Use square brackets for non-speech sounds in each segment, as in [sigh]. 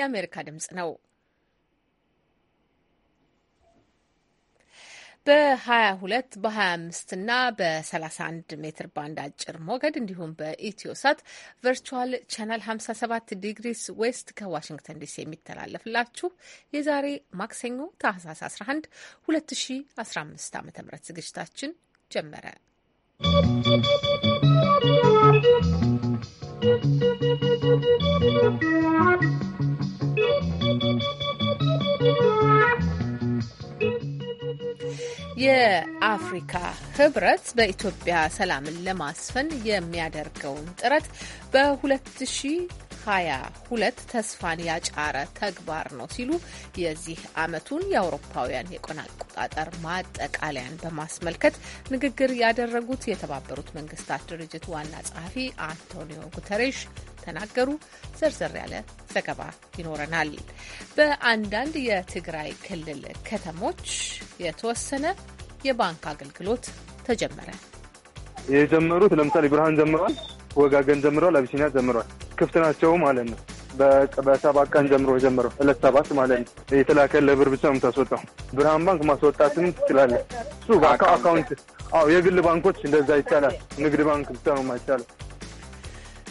የአሜሪካ ድምጽ ነው። በ22 በ25 እና በ31 ሜትር ባንድ አጭር ሞገድ እንዲሁም በኢትዮሳት ቨርቹዋል ቻናል 57 ዲግሪስ ዌስት ከዋሽንግተን ዲሲ የሚተላለፍላችሁ የዛሬ ማክሰኞ ታህሳስ 11 2015 ዓ ም ዝግጅታችን ጀመረ። ¶¶ የአፍሪካ ህብረት በኢትዮጵያ ሰላምን ለማስፈን የሚያደርገውን ጥረት በ2000 2022 ተስፋን ያጫረ ተግባር ነው ሲሉ የዚህ ዓመቱን የአውሮፓውያን የቀን አቆጣጠር ማጠቃለያን በማስመልከት ንግግር ያደረጉት የተባበሩት መንግስታት ድርጅት ዋና ጸሐፊ አንቶኒዮ ጉተሬሽ ተናገሩ። ዘርዘር ያለ ዘገባ ይኖረናል። በአንዳንድ የትግራይ ክልል ከተሞች የተወሰነ የባንክ አገልግሎት ተጀመረ። የጀመሩት ለምሳሌ ብርሃን ጀምረዋል። ወጋገን ዘምረዋል፣ አቢሲኒያ ጀምሯል። ክፍት ናቸው ማለት ነው። በሰባት ቀን ጀምሮ ጀምረው እለት ሰባት ማለት ነው። የተላከ ለብር ብቻ ነው የምታስወጣው። ብርሃን ባንክ ማስወጣትም ትችላለህ። እሱ አካውንት አዎ፣ የግል ባንኮች እንደዛ ይቻላል። ንግድ ባንክ ብቻ ነው ማይቻለው።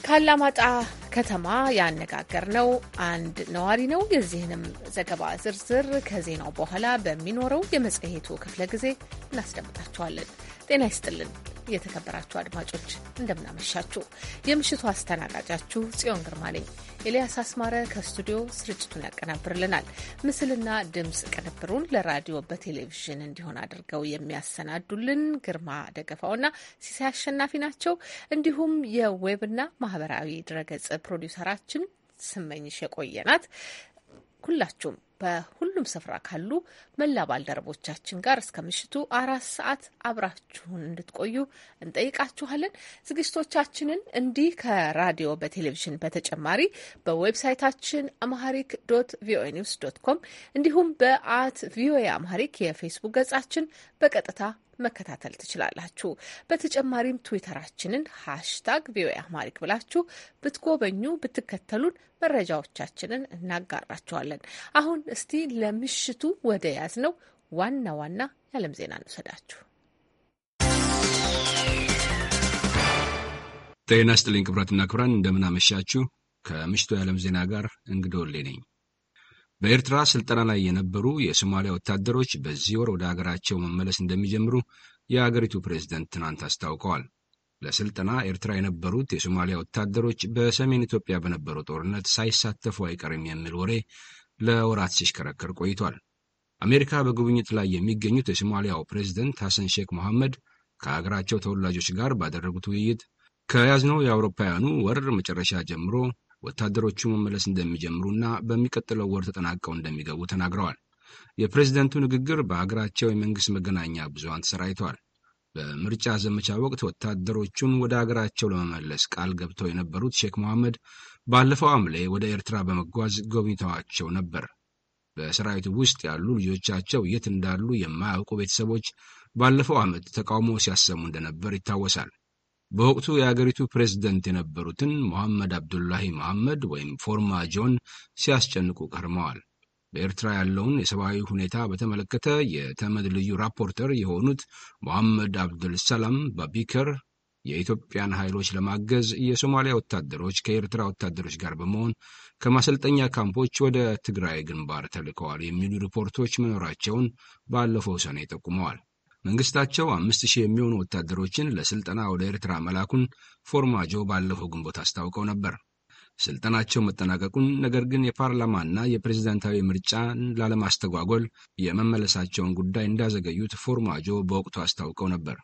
ካላማጣ ከተማ ያነጋገር ነው። አንድ ነዋሪ ነው። የዚህንም ዘገባ ዝርዝር ከዜናው በኋላ በሚኖረው የመጽሔቱ ክፍለ ጊዜ እናስደምጣቸዋለን። ጤና ይስጥልን። የተከበራችሁ አድማጮች እንደምናመሻችሁ። የምሽቱ አስተናጋጃችሁ ጽዮን ግርማ ነኝ። ኤልያስ አስማረ ከስቱዲዮ ስርጭቱን ያቀናብርልናል። ምስልና ድምፅ ቅንብሩን ለራዲዮ በቴሌቪዥን እንዲሆን አድርገው የሚያሰናዱልን ግርማ ደገፋውና ሲሳይ አሸናፊ ናቸው። እንዲሁም የዌብና ማህበራዊ ድረገጽ ፕሮዲውሰራችን ስመኝሽ የቆየናት ሁላችሁም በሁሉም ስፍራ ካሉ መላ ባልደረቦቻችን ጋር እስከ ምሽቱ አራት ሰዓት አብራችሁን እንድትቆዩ እንጠይቃችኋለን። ዝግጅቶቻችንን እንዲህ ከራዲዮ በቴሌቪዥን በተጨማሪ በዌብሳይታችን አማሪክ ዶት ቪኦኤ ኒውስ ዶት ኮም እንዲሁም በአት ቪኦኤ አማሪክ የፌስቡክ ገጻችን በቀጥታ መከታተል ትችላላችሁ። በተጨማሪም ትዊተራችንን ሃሽታግ ቪኦኤ አማሪክ ብላችሁ ብትጎበኙ ብትከተሉን መረጃዎቻችንን እናጋራችኋለን። አሁን እስቲ ለምሽቱ ወደ ያዝ ነው ዋና ዋና የዓለም ዜና እንውሰዳችሁ። ጤና ስጥልኝ ክቡራትና ክብራን፣ እንደምናመሻችሁ ከምሽቱ የዓለም ዜና ጋር እንግዶ ወሌ ነኝ። በኤርትራ ስልጠና ላይ የነበሩ የሶማሊያ ወታደሮች በዚህ ወር ወደ አገራቸው መመለስ እንደሚጀምሩ የአገሪቱ ፕሬዝደንት ትናንት አስታውቀዋል። ለስልጠና ኤርትራ የነበሩት የሶማሊያ ወታደሮች በሰሜን ኢትዮጵያ በነበረው ጦርነት ሳይሳተፉ አይቀርም የሚል ወሬ ለወራት ሲሽከረከር ቆይቷል። አሜሪካ በጉብኝት ላይ የሚገኙት የሶማሊያው ፕሬዝደንት ሐሰን ሼክ መሐመድ ከሀገራቸው ተወላጆች ጋር ባደረጉት ውይይት ከያዝነው የአውሮፓውያኑ ወር መጨረሻ ጀምሮ ወታደሮቹ መመለስ እንደሚጀምሩና በሚቀጥለው ወር ተጠናቀው እንደሚገቡ ተናግረዋል። የፕሬዝደንቱ ንግግር በሀገራቸው የመንግሥት መገናኛ ብዙሃን ተሰራይተዋል። በምርጫ ዘመቻ ወቅት ወታደሮቹን ወደ አገራቸው ለመመለስ ቃል ገብተው የነበሩት ሼክ መሐመድ ባለፈው ሐምሌ ወደ ኤርትራ በመጓዝ ጎብኝተዋቸው ነበር። በሰራዊቱ ውስጥ ያሉ ልጆቻቸው የት እንዳሉ የማያውቁ ቤተሰቦች ባለፈው ዓመት ተቃውሞ ሲያሰሙ እንደነበር ይታወሳል። በወቅቱ የአገሪቱ ፕሬዝደንት የነበሩትን ሞሐመድ አብዱላሂ መሐመድ ወይም ጆን ሲያስጨንቁ ቀርመዋል። በኤርትራ ያለውን የሰብአዊ ሁኔታ በተመለከተ የተመድ ልዩ ራፖርተር የሆኑት ሞሐመድ አብዱልሰላም ባቢከር የኢትዮጵያን ኃይሎች ለማገዝ የሶማሊያ ወታደሮች ከኤርትራ ወታደሮች ጋር በመሆን ከማሰልጠኛ ካምፖች ወደ ትግራይ ግንባር ተልከዋል የሚሉ ሪፖርቶች መኖራቸውን ባለፈው ሰኔ ጠቁመዋል። መንግስታቸው አምስት ሺህ የሚሆኑ ወታደሮችን ለስልጠና ወደ ኤርትራ መላኩን ፎርማጆ ባለፈው ግንቦት አስታውቀው ነበር። ስልጠናቸው መጠናቀቁን ነገር ግን የፓርላማና የፕሬዝዳንታዊ ምርጫን ላለማስተጓጎል የመመለሳቸውን ጉዳይ እንዳዘገዩት ፎርማጆ በወቅቱ አስታውቀው ነበር።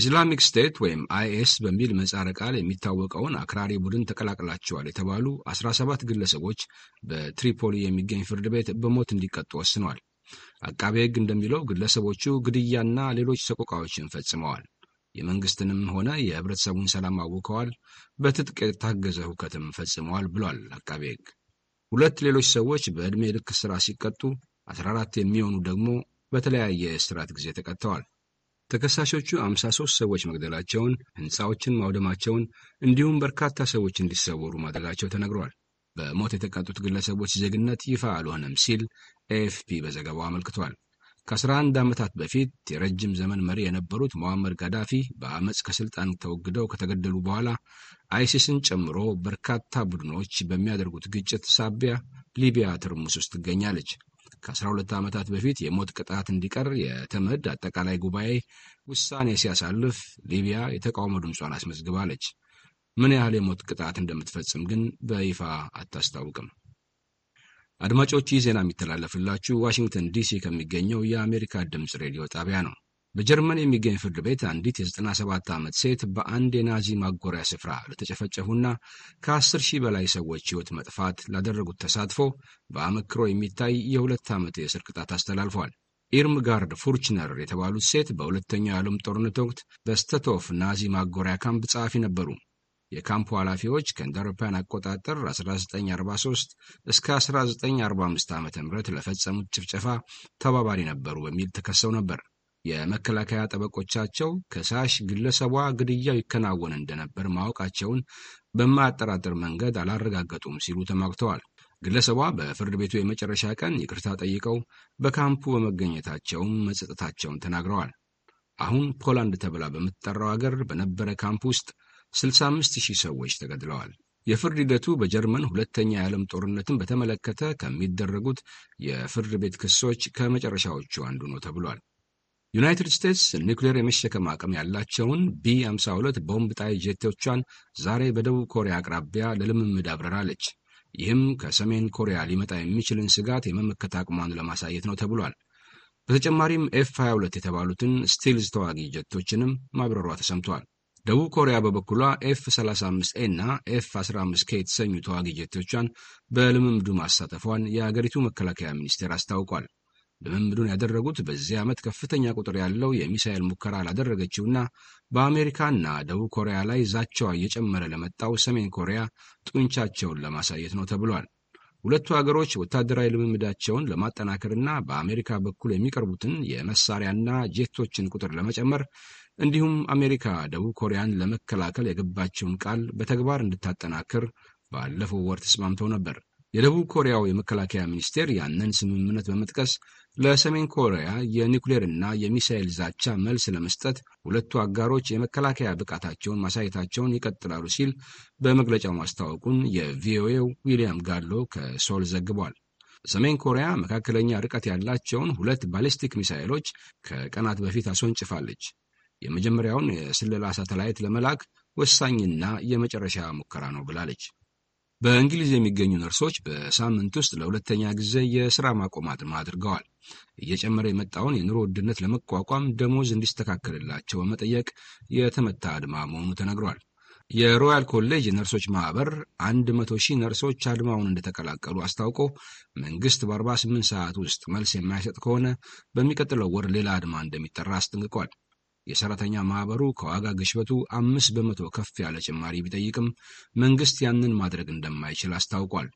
ኢስላሚክ ስቴት ወይም አይኤስ በሚል መጻረ ቃል የሚታወቀውን አክራሪ ቡድን ተቀላቅላቸዋል የተባሉ 17 ግለሰቦች በትሪፖሊ የሚገኝ ፍርድ ቤት በሞት እንዲቀጡ ወስነዋል። አቃቤ ሕግ እንደሚለው ግለሰቦቹ ግድያና ሌሎች ሰቆቃዎችን ፈጽመዋል። የመንግስትንም ሆነ የህብረተሰቡን ሰላም አውከዋል፣ በትጥቅ የታገዘ ሁከትም ፈጽመዋል ብሏል አቃቤ ሕግ። ሁለት ሌሎች ሰዎች በዕድሜ ልክ ሥራ ሲቀጡ 14 የሚሆኑ ደግሞ በተለያየ የእስራት ጊዜ ተቀጥተዋል። ተከሳሾቹ 53 ሰዎች መግደላቸውን፣ ሕንፃዎችን ማውደማቸውን እንዲሁም በርካታ ሰዎች እንዲሰወሩ ማድረጋቸው ተነግሯል። በሞት የተቀጡት ግለሰቦች ዜግነት ይፋ አልሆነም ሲል ኤኤፍፒ በዘገባው አመልክቷል። ከ11 ዓመታት በፊት የረጅም ዘመን መሪ የነበሩት ሞሐመድ ጋዳፊ በአመፅ ከስልጣን ተወግደው ከተገደሉ በኋላ አይሲስን ጨምሮ በርካታ ቡድኖች በሚያደርጉት ግጭት ሳቢያ ሊቢያ ትርምስ ውስጥ ትገኛለች። ከ12 ዓመታት በፊት የሞት ቅጣት እንዲቀር የተመድ አጠቃላይ ጉባኤ ውሳኔ ሲያሳልፍ ሊቢያ የተቃውሞ ድምጿን አስመዝግባለች። ምን ያህል የሞት ቅጣት እንደምትፈጽም ግን በይፋ አታስታውቅም። አድማጮች ይህ ዜና የሚተላለፍላችሁ ዋሽንግተን ዲሲ ከሚገኘው የአሜሪካ ድምፅ ሬዲዮ ጣቢያ ነው። በጀርመን የሚገኝ ፍርድ ቤት አንዲት የ97 ዓመት ሴት በአንድ የናዚ ማጎሪያ ስፍራ ለተጨፈጨፉና ከ10 ሺህ በላይ ሰዎች ሕይወት መጥፋት ላደረጉት ተሳትፎ በአመክሮ የሚታይ የሁለት ዓመት የእስር ቅጣት አስተላልፏል። ኢርምጋርድ ፉርችነር የተባሉት ሴት በሁለተኛው የዓለም ጦርነት ወቅት በስተቶፍ ናዚ ማጎሪያ ካምፕ ጸሐፊ ነበሩ። የካምፑ ኃላፊዎች ከእንደ አውሮፓውያን አቆጣጠር 1943 እስከ 1945 ዓ ም ለፈጸሙት ጭፍጨፋ ተባባሪ ነበሩ በሚል ተከሰው ነበር። የመከላከያ ጠበቆቻቸው ከሳሽ ግለሰቧ ግድያው ይከናወን እንደነበር ማወቃቸውን በማያጠራጥር መንገድ አላረጋገጡም ሲሉ ተሟግተዋል። ግለሰቧ በፍርድ ቤቱ የመጨረሻ ቀን ይቅርታ ጠይቀው በካምፑ በመገኘታቸውም መጸጠታቸውን ተናግረዋል። አሁን ፖላንድ ተብላ በምትጠራው አገር በነበረ ካምፕ ውስጥ 65,000 ሺህ ሰዎች ተገድለዋል። የፍርድ ሂደቱ በጀርመን ሁለተኛ የዓለም ጦርነትን በተመለከተ ከሚደረጉት የፍርድ ቤት ክሶች ከመጨረሻዎቹ አንዱ ነው ተብሏል። ዩናይትድ ስቴትስ ኒውክሌር የመሸከም አቅም ያላቸውን ቢ52 ቦምብ ጣይ ጄቶቿን ዛሬ በደቡብ ኮሪያ አቅራቢያ ለልምምድ አብረራለች። ይህም ከሰሜን ኮሪያ ሊመጣ የሚችልን ስጋት የመመከት አቅሟን ለማሳየት ነው ተብሏል። በተጨማሪም ኤፍ 22 የተባሉትን ስቲልዝ ተዋጊ ጀቶችንም ማብረሯ ተሰምቷል። ደቡብ ኮሪያ በበኩሏ ኤፍ 35 ኤ እና ኤፍ 15 ኬ የተሰኙ ተዋጊ ጀቶቿን በልምምዱ ማሳተፏን የአገሪቱ መከላከያ ሚኒስቴር አስታውቋል። ልምምዱን ያደረጉት በዚህ ዓመት ከፍተኛ ቁጥር ያለው የሚሳኤል ሙከራ ላደረገችውና በአሜሪካና ደቡብ ኮሪያ ላይ ዛቻዋ እየጨመረ ለመጣው ሰሜን ኮሪያ ጡንቻቸውን ለማሳየት ነው ተብሏል። ሁለቱ ሀገሮች ወታደራዊ ልምምዳቸውን ለማጠናከርና በአሜሪካ በኩል የሚቀርቡትን የመሳሪያና ጄቶችን ቁጥር ለመጨመር እንዲሁም አሜሪካ ደቡብ ኮሪያን ለመከላከል የገባቸውን ቃል በተግባር እንድታጠናክር ባለፈው ወር ተስማምተው ነበር። የደቡብ ኮሪያው የመከላከያ ሚኒስቴር ያንን ስምምነት በመጥቀስ ለሰሜን ኮሪያ የኒውክሌርና የሚሳኤል ዛቻ መልስ ለመስጠት ሁለቱ አጋሮች የመከላከያ ብቃታቸውን ማሳየታቸውን ይቀጥላሉ ሲል በመግለጫው ማስታወቁን የቪኦኤው ዊሊያም ጋሎ ከሶል ዘግቧል። ሰሜን ኮሪያ መካከለኛ ርቀት ያላቸውን ሁለት ባሊስቲክ ሚሳኤሎች ከቀናት በፊት አስወንጭፋለች። የመጀመሪያውን የስለላ ሳተላይት ለመላክ ወሳኝና የመጨረሻ ሙከራ ነው ብላለች። በእንግሊዝ የሚገኙ ነርሶች በሳምንት ውስጥ ለሁለተኛ ጊዜ የሥራ ማቆም አድማ አድርገዋል። እየጨመረ የመጣውን የኑሮ ውድነት ለመቋቋም ደሞዝ እንዲስተካከልላቸው በመጠየቅ የተመታ አድማ መሆኑ ተነግሯል። የሮያል ኮሌጅ ነርሶች ማህበር 100 ሺህ ነርሶች አድማውን እንደተቀላቀሉ አስታውቆ መንግስት በ48 ሰዓት ውስጥ መልስ የማይሰጥ ከሆነ በሚቀጥለው ወር ሌላ አድማ እንደሚጠራ አስጠንቅቋል። የሰራተኛ ማህበሩ ከዋጋ ግሽበቱ አምስት በመቶ ከፍ ያለ ጭማሪ ቢጠይቅም መንግስት ያንን ማድረግ እንደማይችል አስታውቋል።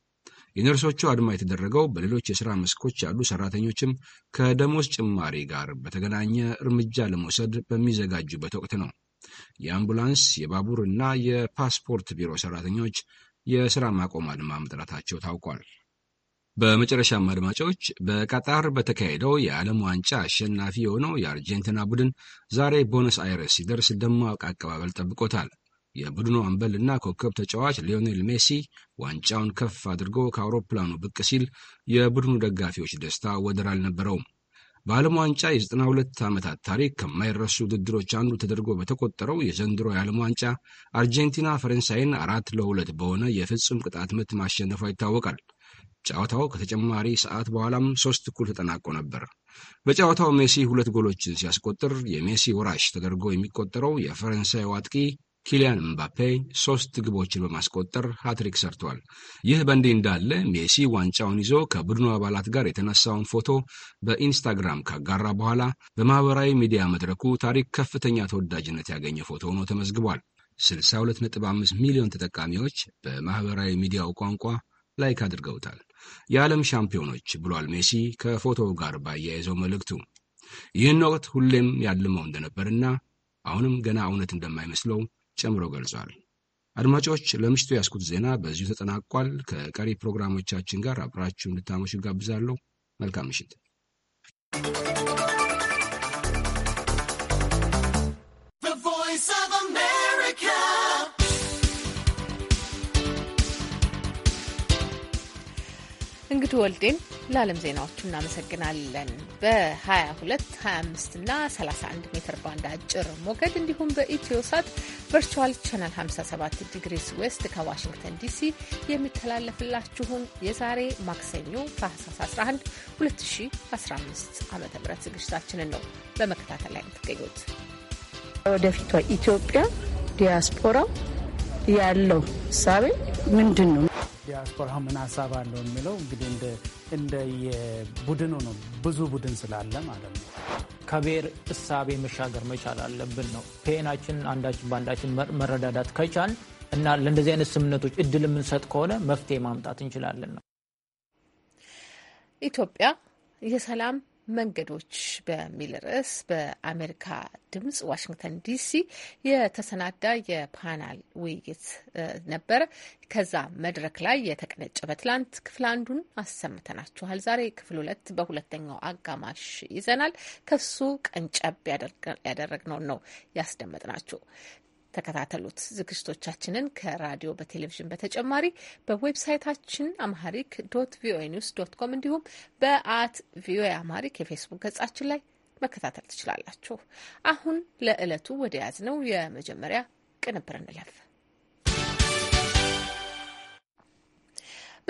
የነርሶቹ አድማ የተደረገው በሌሎች የሥራ መስኮች ያሉ ሠራተኞችም ከደሞዝ ጭማሪ ጋር በተገናኘ እርምጃ ለመውሰድ በሚዘጋጁበት ወቅት ነው። የአምቡላንስ የባቡር እና የፓስፖርት ቢሮ ሠራተኞች የሥራ ማቆም አድማ መጥራታቸው ታውቋል። በመጨረሻም አድማጮች በቀጣር በተካሄደው የዓለም ዋንጫ አሸናፊ የሆነው የአርጀንቲና ቡድን ዛሬ ቦነስ አይረስ ሲደርስ ደማቅ አቀባበል ጠብቆታል። የቡድኑ አምበል እና ኮከብ ተጫዋች ሊዮኔል ሜሲ ዋንጫውን ከፍ አድርጎ ከአውሮፕላኑ ብቅ ሲል የቡድኑ ደጋፊዎች ደስታ ወደር አልነበረውም። በዓለም ዋንጫ የ92 ዓመታት ታሪክ ከማይረሱ ውድድሮች አንዱ ተደርጎ በተቆጠረው የዘንድሮ የዓለም ዋንጫ አርጀንቲና ፈረንሳይን አራት ለሁለት በሆነ የፍጹም ቅጣት ምት ማሸነፏ ይታወቃል። ጨዋታው ከተጨማሪ ሰዓት በኋላም ሶስት እኩል ተጠናቆ ነበር። በጨዋታው ሜሲ ሁለት ጎሎችን ሲያስቆጥር የሜሲ ወራሽ ተደርጎ የሚቆጠረው የፈረንሳይ አጥቂ ኪሊያን ምባፔ ሶስት ግቦችን በማስቆጠር ሃትሪክ ሰርቷል። ይህ በእንዲህ እንዳለ ሜሲ ዋንጫውን ይዞ ከቡድኑ አባላት ጋር የተነሳውን ፎቶ በኢንስታግራም ካጋራ በኋላ በማህበራዊ ሚዲያ መድረኩ ታሪክ ከፍተኛ ተወዳጅነት ያገኘ ፎቶ ሆኖ ተመዝግቧል። 62.5 ሚሊዮን ተጠቃሚዎች በማህበራዊ ሚዲያው ቋንቋ ላይክ አድርገውታል። የዓለም ሻምፒዮኖች ብሏል ሜሲ ከፎቶው ጋር ባያይዘው መልእክቱ። ይህን ወቅት ሁሌም ያልመው እንደነበርና አሁንም ገና እውነት እንደማይመስለው ጨምሮ ገልጿል። አድማጮች፣ ለምሽቱ ያስኩት ዜና በዚሁ ተጠናቋል። ከቀሪ ፕሮግራሞቻችን ጋር አብራችሁ እንድታመሹ ይጋብዛለሁ። መልካም ምሽት። እንግዲህ ወልዴን ለዓለም ዜናዎቹ እናመሰግናለን። በ22፣ 25 እና 31 ሜትር ባንድ አጭር ሞገድ እንዲሁም በኢትዮ ሳት ቨርቹዋል ቻናል 57 ዲግሪስ ዌስት ከዋሽንግተን ዲሲ የሚተላለፍላችሁን የዛሬ ማክሰኞ ታህሳስ 11 2015 ዓ ም ዝግጅታችንን ነው በመከታተል ላይ የምትገኙት። ወደፊቷ ኢትዮጵያ ዲያስፖራ ያለው እሳቤ ምንድን ነው? ዲያስፖራ ምን ሀሳብ አለው የሚለው እንግዲህ እንደ የቡድኑ ነው። ብዙ ቡድን ስላለ ማለት ነው። ከብሔር እሳቤ መሻገር መቻል አለብን ነው ፔናችን አንዳችን በአንዳችን መረዳዳት ከቻል እና ለእንደዚህ አይነት ስምምነቶች እድል የምንሰጥ ከሆነ መፍትሄ ማምጣት እንችላለን ነው ኢትዮጵያ የሰላም መንገዶች በሚል ርዕስ በአሜሪካ ድምጽ ዋሽንግተን ዲሲ የተሰናዳ የፓናል ውይይት ነበረ። ከዛ መድረክ ላይ የተቀነጨበ ትላንት ክፍል አንዱን አሰምተናችኋል። ዛሬ ክፍል ሁለት በሁለተኛው አጋማሽ ይዘናል። ከሱ ቀንጨብ ያደረግነውን ነው ያስደመጥናችሁ። ተከታተሉት። ዝግጅቶቻችንን ከራዲዮ በቴሌቪዥን በተጨማሪ በዌብሳይታችን አምሃሪክ ዶት ቪኦኤ ኒውስ ዶት ኮም እንዲሁም በአት ቪኦኤ አምሃሪክ የፌስቡክ ገጻችን ላይ መከታተል ትችላላችሁ። አሁን ለዕለቱ ወደ ያዝ ነው የመጀመሪያ ቅንብር እንለፍ።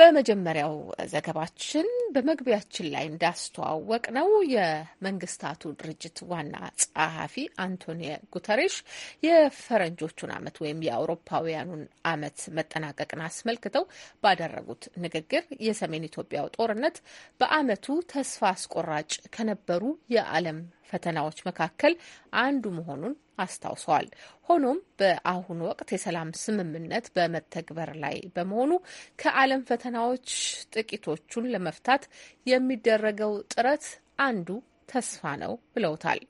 በመጀመሪያው ዘገባችን በመግቢያችን ላይ እንዳስተዋወቅ ነው የመንግስታቱ ድርጅት ዋና ጸሐፊ አንቶኒዮ ጉተሬሽ የፈረንጆቹን አመት ወይም የአውሮፓውያኑን አመት መጠናቀቅን አስመልክተው ባደረጉት ንግግር የሰሜን ኢትዮጵያው ጦርነት በአመቱ ተስፋ አስቆራጭ ከነበሩ የዓለም ፈተናዎች መካከል አንዱ መሆኑን አስታውሰዋል። ሆኖም በአሁኑ ወቅት የሰላም ስምምነት በመተግበር ላይ በመሆኑ ከዓለም ፈተናዎች ጥቂቶቹን ለመፍታት የሚደረገው ጥረት አንዱ ተስፋ ነው ብለውታል።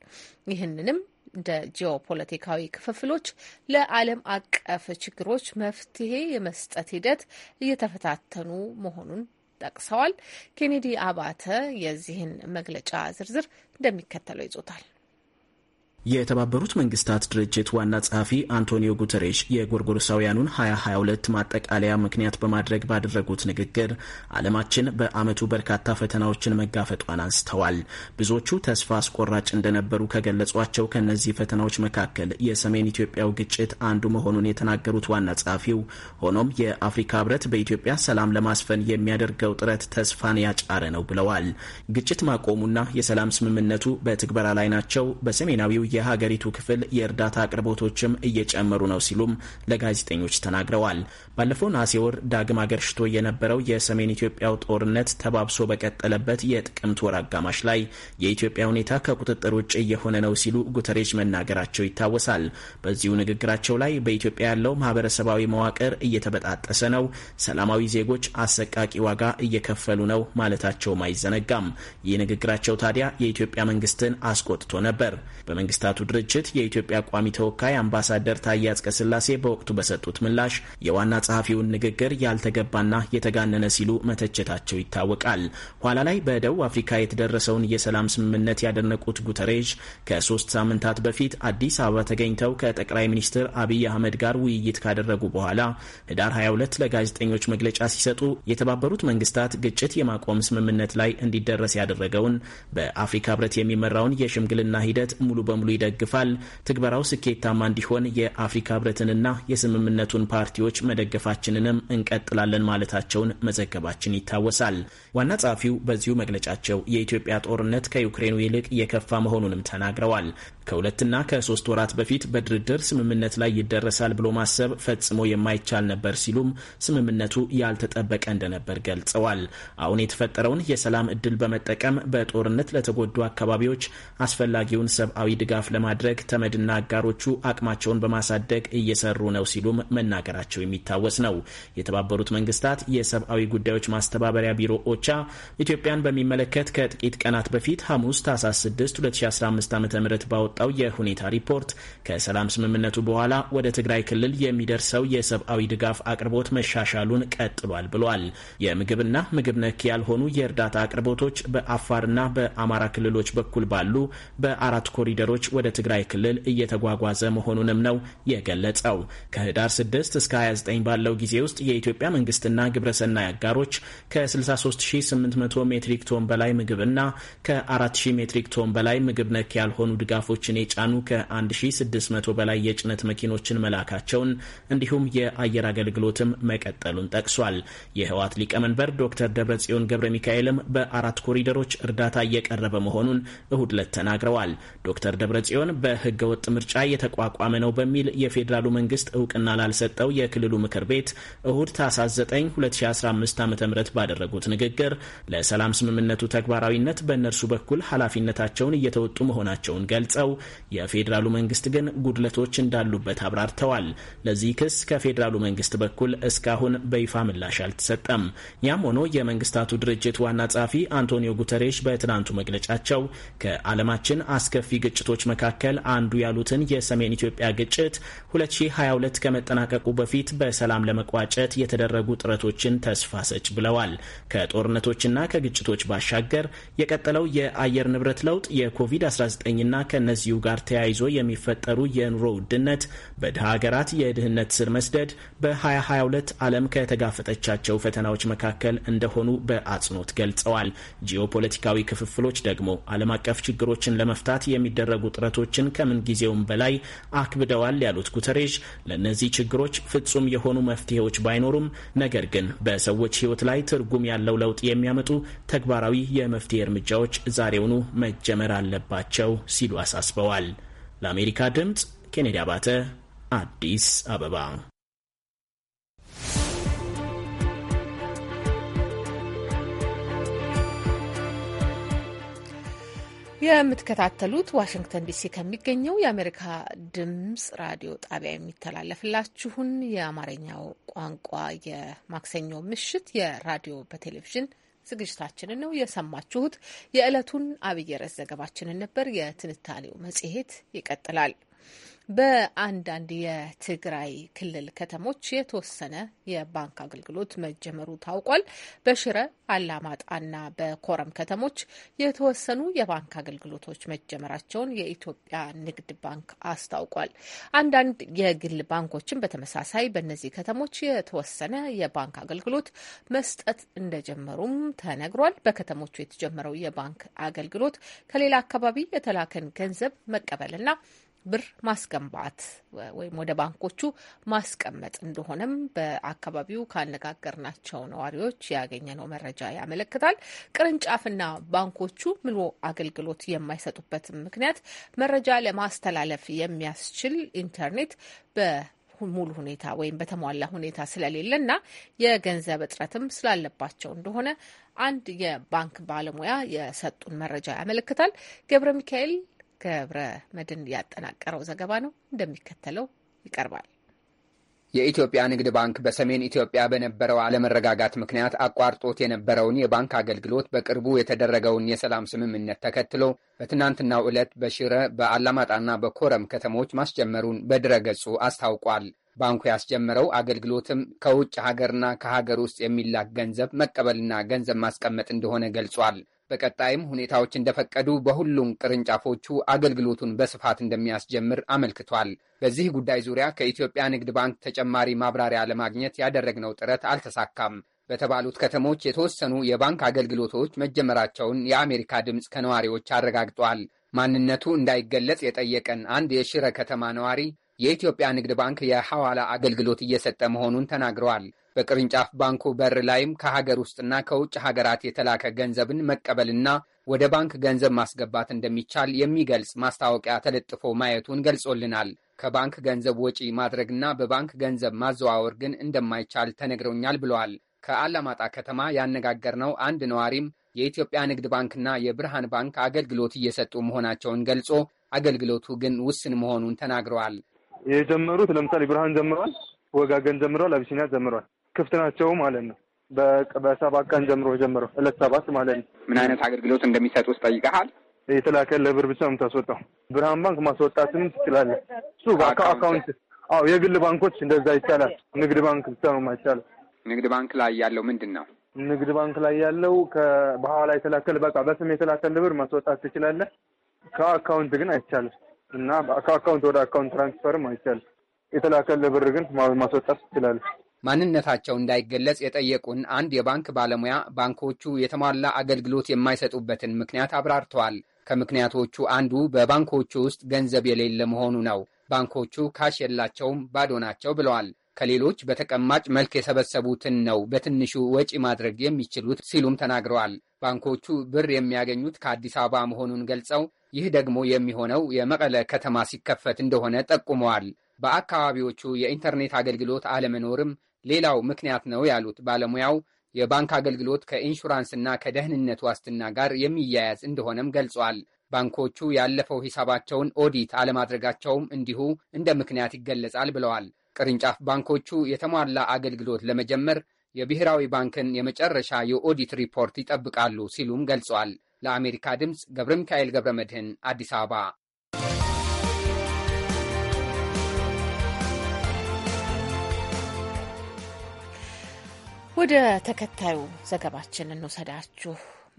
ይህንንም እንደ ጂኦፖለቲካዊ ክፍፍሎች ለዓለም አቀፍ ችግሮች መፍትሄ የመስጠት ሂደት እየተፈታተኑ መሆኑን ጠቅሰዋል። ኬኔዲ አባተ የዚህን መግለጫ ዝርዝር እንደሚከተለው ይዞታል። የተባበሩት መንግስታት ድርጅት ዋና ጸሐፊ አንቶኒዮ ጉተሬሽ የጎርጎሮሳውያኑን 2022 ማጠቃለያ ምክንያት በማድረግ ባደረጉት ንግግር ዓለማችን በአመቱ በርካታ ፈተናዎችን መጋፈጧን አንስተዋል። ብዙዎቹ ተስፋ አስቆራጭ እንደነበሩ ከገለጿቸው ከእነዚህ ፈተናዎች መካከል የሰሜን ኢትዮጵያው ግጭት አንዱ መሆኑን የተናገሩት ዋና ጸሐፊው፣ ሆኖም የአፍሪካ ህብረት በኢትዮጵያ ሰላም ለማስፈን የሚያደርገው ጥረት ተስፋን ያጫረ ነው ብለዋል። ግጭት ማቆሙና የሰላም ስምምነቱ በትግበራ ላይ ናቸው። በሰሜናዊው የሀገሪቱ ክፍል የእርዳታ አቅርቦቶችም እየጨመሩ ነው ሲሉም ለጋዜጠኞች ተናግረዋል። ባለፈው ነሐሴ ወር ዳግም አገርሽቶ የነበረው የሰሜን ኢትዮጵያው ጦርነት ተባብሶ በቀጠለበት የጥቅምት ወር አጋማሽ ላይ የኢትዮጵያ ሁኔታ ከቁጥጥር ውጭ እየሆነ ነው ሲሉ ጉተሬጅ መናገራቸው ይታወሳል። በዚሁ ንግግራቸው ላይ በኢትዮጵያ ያለው ማህበረሰባዊ መዋቅር እየተበጣጠሰ ነው፣ ሰላማዊ ዜጎች አሰቃቂ ዋጋ እየከፈሉ ነው ማለታቸውም አይዘነጋም። ይህ ንግግራቸው ታዲያ የኢትዮጵያ መንግስትን አስቆጥቶ ነበር። በመንግስት መንግስታቱ ድርጅት የኢትዮጵያ ቋሚ ተወካይ አምባሳደር ታዬ አጽቀሥላሴ በወቅቱ በሰጡት ምላሽ የዋና ጸሐፊውን ንግግር ያልተገባና የተጋነነ ሲሉ መተቸታቸው ይታወቃል። ኋላ ላይ በደቡብ አፍሪካ የተደረሰውን የሰላም ስምምነት ያደነቁት ጉተሬዥ ከሶስት ሳምንታት በፊት አዲስ አበባ ተገኝተው ከጠቅላይ ሚኒስትር አብይ አህመድ ጋር ውይይት ካደረጉ በኋላ ህዳር 22 ለጋዜጠኞች መግለጫ ሲሰጡ የተባበሩት መንግስታት ግጭት የማቆም ስምምነት ላይ እንዲደረስ ያደረገውን በአፍሪካ ህብረት የሚመራውን የሽምግልና ሂደት ሙሉ በሙሉ ይደግፋል። ትግበራው ስኬታማ እንዲሆን የአፍሪካ ህብረትንና የስምምነቱን ፓርቲዎች መደገፋችንንም እንቀጥላለን ማለታቸውን መዘገባችን ይታወሳል። ዋና ጸሐፊው በዚሁ መግለጫቸው የኢትዮጵያ ጦርነት ከዩክሬኑ ይልቅ የከፋ መሆኑንም ተናግረዋል። ከሁለትና ከሶስት ወራት በፊት በድርድር ስምምነት ላይ ይደረሳል ብሎ ማሰብ ፈጽሞ የማይቻል ነበር ሲሉም ስምምነቱ ያልተጠበቀ እንደነበር ገልጸዋል። አሁን የተፈጠረውን የሰላም እድል በመጠቀም በጦርነት ለተጎዱ አካባቢዎች አስፈላጊውን ሰብአዊ ድጋፍ ለማድረግ ተመድና አጋሮቹ አቅማቸውን በማሳደግ እየሰሩ ነው ሲሉም መናገራቸው የሚታወስ ነው። የተባበሩት መንግስታት የሰብአዊ ጉዳዮች ማስተባበሪያ ቢሮ ኦቻ ኢትዮጵያን በሚመለከት ከጥቂት ቀናት በፊት ሐሙስ ታህሳስ 6 2015 ዓ ም ባወጣ ያወጣው የሁኔታ ሪፖርት ከሰላም ስምምነቱ በኋላ ወደ ትግራይ ክልል የሚደርሰው የሰብአዊ ድጋፍ አቅርቦት መሻሻሉን ቀጥሏል ብሏል። የምግብና ምግብ ነክ ያልሆኑ የእርዳታ አቅርቦቶች በአፋርና በአማራ ክልሎች በኩል ባሉ በአራት ኮሪደሮች ወደ ትግራይ ክልል እየተጓጓዘ መሆኑንም ነው የገለጸው። ከህዳር 6 እስከ 29 ባለው ጊዜ ውስጥ የኢትዮጵያ መንግስትና ግብረሰናይ አጋሮች ከ63800 ሜትሪክ ቶን በላይ ምግብና ከ4000 ሜትሪክ ቶን በላይ ምግብ ነክ ያልሆኑ ድጋፎች ሰዎችን የጫኑ ከ1600 በላይ የጭነት መኪኖችን መላካቸውን እንዲሁም የአየር አገልግሎትም መቀጠሉን ጠቅሷል። የህወሓት ሊቀመንበር ዶክተር ደብረጽዮን ገብረ ሚካኤልም በአራት ኮሪደሮች እርዳታ እየቀረበ መሆኑን እሁድ ዕለት ተናግረዋል። ዶክተር ደብረጽዮን በህገወጥ ምርጫ የተቋቋመ ነው በሚል የፌዴራሉ መንግስት እውቅና ላልሰጠው የክልሉ ምክር ቤት እሁድ ታህሳስ 9 2015 ዓ ም ባደረጉት ንግግር ለሰላም ስምምነቱ ተግባራዊነት በእነርሱ በኩል ኃላፊነታቸውን እየተወጡ መሆናቸውን ገልጸው ገልጸው የፌዴራሉ መንግስት ግን ጉድለቶች እንዳሉበት አብራርተዋል። ለዚህ ክስ ከፌዴራሉ መንግስት በኩል እስካሁን በይፋ ምላሽ አልተሰጠም። ያም ሆኖ የመንግስታቱ ድርጅት ዋና ጸሐፊ አንቶኒዮ ጉተሬሽ በትናንቱ መግለጫቸው ከዓለማችን አስከፊ ግጭቶች መካከል አንዱ ያሉትን የሰሜን ኢትዮጵያ ግጭት 2022 ከመጠናቀቁ በፊት በሰላም ለመቋጨት የተደረጉ ጥረቶችን ተስፋ ሰጭ ብለዋል። ከጦርነቶችና ከግጭቶች ባሻገር የቀጠለው የአየር ንብረት ለውጥ፣ የኮቪድ-19ና ከነዚህ ከዚሁ ጋር ተያይዞ የሚፈጠሩ የኑሮ ውድነት በድሀ ሀገራት የድህነት ስር መስደድ በ2022 ዓለም ከተጋፈጠቻቸው ፈተናዎች መካከል እንደሆኑ በአጽንኦት ገልጸዋል። ጂኦፖለቲካዊ ክፍፍሎች ደግሞ ዓለም አቀፍ ችግሮችን ለመፍታት የሚደረጉ ጥረቶችን ከምን ጊዜውም በላይ አክብደዋል ያሉት ጉተሬሽ ለእነዚህ ችግሮች ፍጹም የሆኑ መፍትሄዎች ባይኖሩም ነገር ግን በሰዎች ህይወት ላይ ትርጉም ያለው ለውጥ የሚያመጡ ተግባራዊ የመፍትሄ እርምጃዎች ዛሬውኑ መጀመር አለባቸው ሲሉ አሳስበዋል። አሳስበዋል። ለአሜሪካ ድምፅ ኬኔዲ አባተ አዲስ አበባ። የምትከታተሉት ዋሽንግተን ዲሲ ከሚገኘው የአሜሪካ ድምጽ ራዲዮ ጣቢያ የሚተላለፍላችሁን የአማርኛው ቋንቋ የማክሰኞ ምሽት የራዲዮ በቴሌቪዥን ዝግጅታችንን ነው የሰማችሁት። የዕለቱን አብይ ርዕስ ዘገባችንን ነበር። የትንታኔው መጽሔት ይቀጥላል። በአንዳንድ የትግራይ ክልል ከተሞች የተወሰነ የባንክ አገልግሎት መጀመሩ ታውቋል። በሽረ አላማጣና በኮረም ከተሞች የተወሰኑ የባንክ አገልግሎቶች መጀመራቸውን የኢትዮጵያ ንግድ ባንክ አስታውቋል። አንዳንድ የግል ባንኮችን በተመሳሳይ በእነዚህ ከተሞች የተወሰነ የባንክ አገልግሎት መስጠት እንደጀመሩም ተነግሯል። በከተሞቹ የተጀመረው የባንክ አገልግሎት ከሌላ አካባቢ የተላከን ገንዘብ መቀበልና ብር ማስገንባት ወይም ወደ ባንኮቹ ማስቀመጥ እንደሆነም በአካባቢው ካነጋገርናቸው ነዋሪዎች ያገኘነው መረጃ ያመለክታል። ቅርንጫፍና ባንኮቹ ምሎ አገልግሎት የማይሰጡበት ምክንያት መረጃ ለማስተላለፍ የሚያስችል ኢንተርኔት በ ሙሉ ሁኔታ ወይም በተሟላ ሁኔታ ስለሌለና የገንዘብ እጥረትም ስላለባቸው እንደሆነ አንድ የባንክ ባለሙያ የሰጡን መረጃ ያመለክታል። ገብረ ሚካኤል ገብረ መድን ያጠናቀረው ዘገባ ነው፣ እንደሚከተለው ይቀርባል። የኢትዮጵያ ንግድ ባንክ በሰሜን ኢትዮጵያ በነበረው አለመረጋጋት ምክንያት አቋርጦት የነበረውን የባንክ አገልግሎት በቅርቡ የተደረገውን የሰላም ስምምነት ተከትሎ በትናንትናው ዕለት በሽረ በአላማጣና በኮረም ከተሞች ማስጀመሩን በድረገጹ አስታውቋል። ባንኩ ያስጀመረው አገልግሎትም ከውጭ ሀገርና ከሀገር ውስጥ የሚላክ ገንዘብ መቀበልና ገንዘብ ማስቀመጥ እንደሆነ ገልጿል። በቀጣይም ሁኔታዎች እንደፈቀዱ በሁሉም ቅርንጫፎቹ አገልግሎቱን በስፋት እንደሚያስጀምር አመልክቷል። በዚህ ጉዳይ ዙሪያ ከኢትዮጵያ ንግድ ባንክ ተጨማሪ ማብራሪያ ለማግኘት ያደረግነው ጥረት አልተሳካም። በተባሉት ከተሞች የተወሰኑ የባንክ አገልግሎቶች መጀመራቸውን የአሜሪካ ድምፅ ከነዋሪዎች አረጋግጧል። ማንነቱ እንዳይገለጽ የጠየቀን አንድ የሽረ ከተማ ነዋሪ የኢትዮጵያ ንግድ ባንክ የሐዋላ አገልግሎት እየሰጠ መሆኑን ተናግረዋል። በቅርንጫፍ ባንኩ በር ላይም ከሀገር ውስጥና ከውጭ ሀገራት የተላከ ገንዘብን መቀበልና ወደ ባንክ ገንዘብ ማስገባት እንደሚቻል የሚገልጽ ማስታወቂያ ተለጥፎ ማየቱን ገልጾልናል። ከባንክ ገንዘብ ወጪ ማድረግና በባንክ ገንዘብ ማዘዋወር ግን እንደማይቻል ተነግረውኛል ብለዋል። ከአላማጣ ከተማ ያነጋገርነው አንድ ነዋሪም የኢትዮጵያ ንግድ ባንክና የብርሃን ባንክ አገልግሎት እየሰጡ መሆናቸውን ገልጾ አገልግሎቱ ግን ውስን መሆኑን ተናግረዋል። የጀመሩት ለምሳሌ ብርሃን ጀምረዋል፣ ወጋገን ጀምረዋል፣ አቢሲኒያ ጀምረዋል። ክፍት ናቸው ማለት ነው። በሰባት ቀን ጀምሮ ጀምሮ እለት ሰባት ማለት ነው። ምን አይነት አገልግሎት እንደሚሰጥ ውስጥ ጠይቀሃል? የተላከለ ብር ብቻ ነው የምታስወጣው። ብርሃን ባንክ ማስወጣትም ትችላለህ። እሱ አካውንት አዎ፣ የግል ባንኮች እንደዛ ይቻላል። ንግድ ባንክ ብቻ ነው የማይቻለው። ንግድ ባንክ ላይ ያለው ምንድን ነው? ንግድ ባንክ ላይ ያለው ከበኋላ የተላከል በቃ በስም የተላከል ብር ማስወጣት ትችላለህ። ከአካውንት ግን አይቻልም እና ከአካውንት ወደ አካውንት ትራንስፈርም አይቻልም። የተላከል ብር ግን ማስወጣት ትችላለህ። ማንነታቸው እንዳይገለጽ የጠየቁን አንድ የባንክ ባለሙያ ባንኮቹ የተሟላ አገልግሎት የማይሰጡበትን ምክንያት አብራርተዋል። ከምክንያቶቹ አንዱ በባንኮቹ ውስጥ ገንዘብ የሌለ መሆኑ ነው። ባንኮቹ ካሽ የላቸውም፣ ባዶ ናቸው ብለዋል። ከሌሎች በተቀማጭ መልክ የሰበሰቡትን ነው በትንሹ ወጪ ማድረግ የሚችሉት ሲሉም ተናግረዋል። ባንኮቹ ብር የሚያገኙት ከአዲስ አበባ መሆኑን ገልጸው ይህ ደግሞ የሚሆነው የመቀለ ከተማ ሲከፈት እንደሆነ ጠቁመዋል። በአካባቢዎቹ የኢንተርኔት አገልግሎት አለመኖርም ሌላው ምክንያት ነው ያሉት ባለሙያው የባንክ አገልግሎት ከኢንሹራንስና ከደህንነት ዋስትና ጋር የሚያያዝ እንደሆነም ገልጿል። ባንኮቹ ያለፈው ሂሳባቸውን ኦዲት አለማድረጋቸውም እንዲሁ እንደ ምክንያት ይገለጻል ብለዋል። ቅርንጫፍ ባንኮቹ የተሟላ አገልግሎት ለመጀመር የብሔራዊ ባንክን የመጨረሻ የኦዲት ሪፖርት ይጠብቃሉ ሲሉም ገልጿል። ለአሜሪካ ድምፅ ገብረ ሚካኤል ገብረ መድህን አዲስ አበባ ወደ ተከታዩ ዘገባችን እንውሰዳችሁ።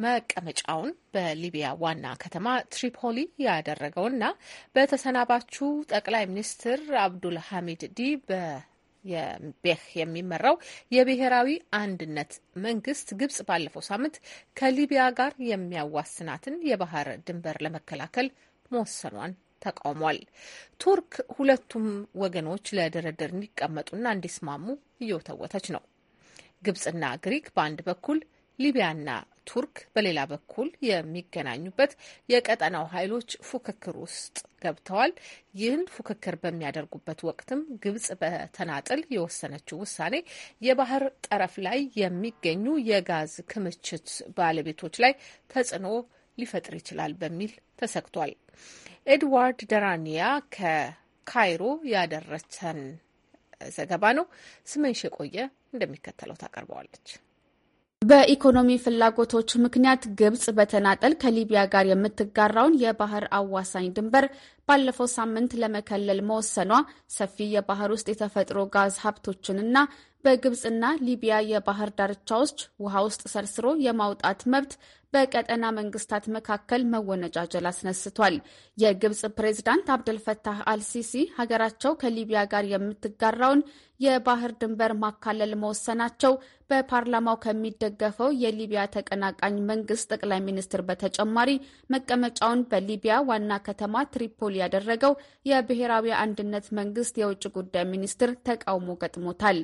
መቀመጫውን በሊቢያ ዋና ከተማ ትሪፖሊ ያደረገውና በተሰናባቹ ጠቅላይ ሚኒስትር አብዱል ሐሚድ ዲ ቤህ የሚመራው የብሔራዊ አንድነት መንግስት ግብጽ ባለፈው ሳምንት ከሊቢያ ጋር የሚያዋስናትን የባህር ድንበር ለመከላከል መወሰኗን ተቃውሟል። ቱርክ ሁለቱም ወገኖች ለድርድር እንዲቀመጡና እንዲስማሙ እየወተወተች ነው። ግብጽና ግሪክ በአንድ በኩል ሊቢያና ቱርክ በሌላ በኩል የሚገናኙበት የቀጠናው ኃይሎች ፉክክር ውስጥ ገብተዋል። ይህን ፉክክር በሚያደርጉበት ወቅትም ግብጽ በተናጥል የወሰነችው ውሳኔ የባህር ጠረፍ ላይ የሚገኙ የጋዝ ክምችት ባለቤቶች ላይ ተጽዕኖ ሊፈጥር ይችላል በሚል ተሰግቷል። ኤድዋርድ ደራኒያ ከካይሮ ያደረሰን ዘገባ ነው። ስመንሽ የቆየ እንደሚከተለው ታቀርበዋለች። በኢኮኖሚ ፍላጎቶች ምክንያት ግብጽ በተናጠል ከሊቢያ ጋር የምትጋራውን የባህር አዋሳኝ ድንበር ባለፈው ሳምንት ለመከለል መወሰኗ ሰፊ የባህር ውስጥ የተፈጥሮ ጋዝ ሀብቶችንና በግብፅና ሊቢያ የባህር ዳርቻዎች ውሃ ውስጥ ሰርስሮ የማውጣት መብት በቀጠና መንግስታት መካከል መወነጃጀል አስነስቷል። የግብጽ ፕሬዝዳንት አብደልፈታህ አልሲሲ ሀገራቸው ከሊቢያ ጋር የምትጋራውን የባህር ድንበር ማካለል መወሰናቸው በፓርላማው ከሚደገፈው የሊቢያ ተቀናቃኝ መንግስት ጠቅላይ ሚኒስትር በተጨማሪ መቀመጫውን በሊቢያ ዋና ከተማ ትሪፖሊ ያደረገው የብሔራዊ አንድነት መንግስት የውጭ ጉዳይ ሚኒስትር ተቃውሞ ገጥሞታል።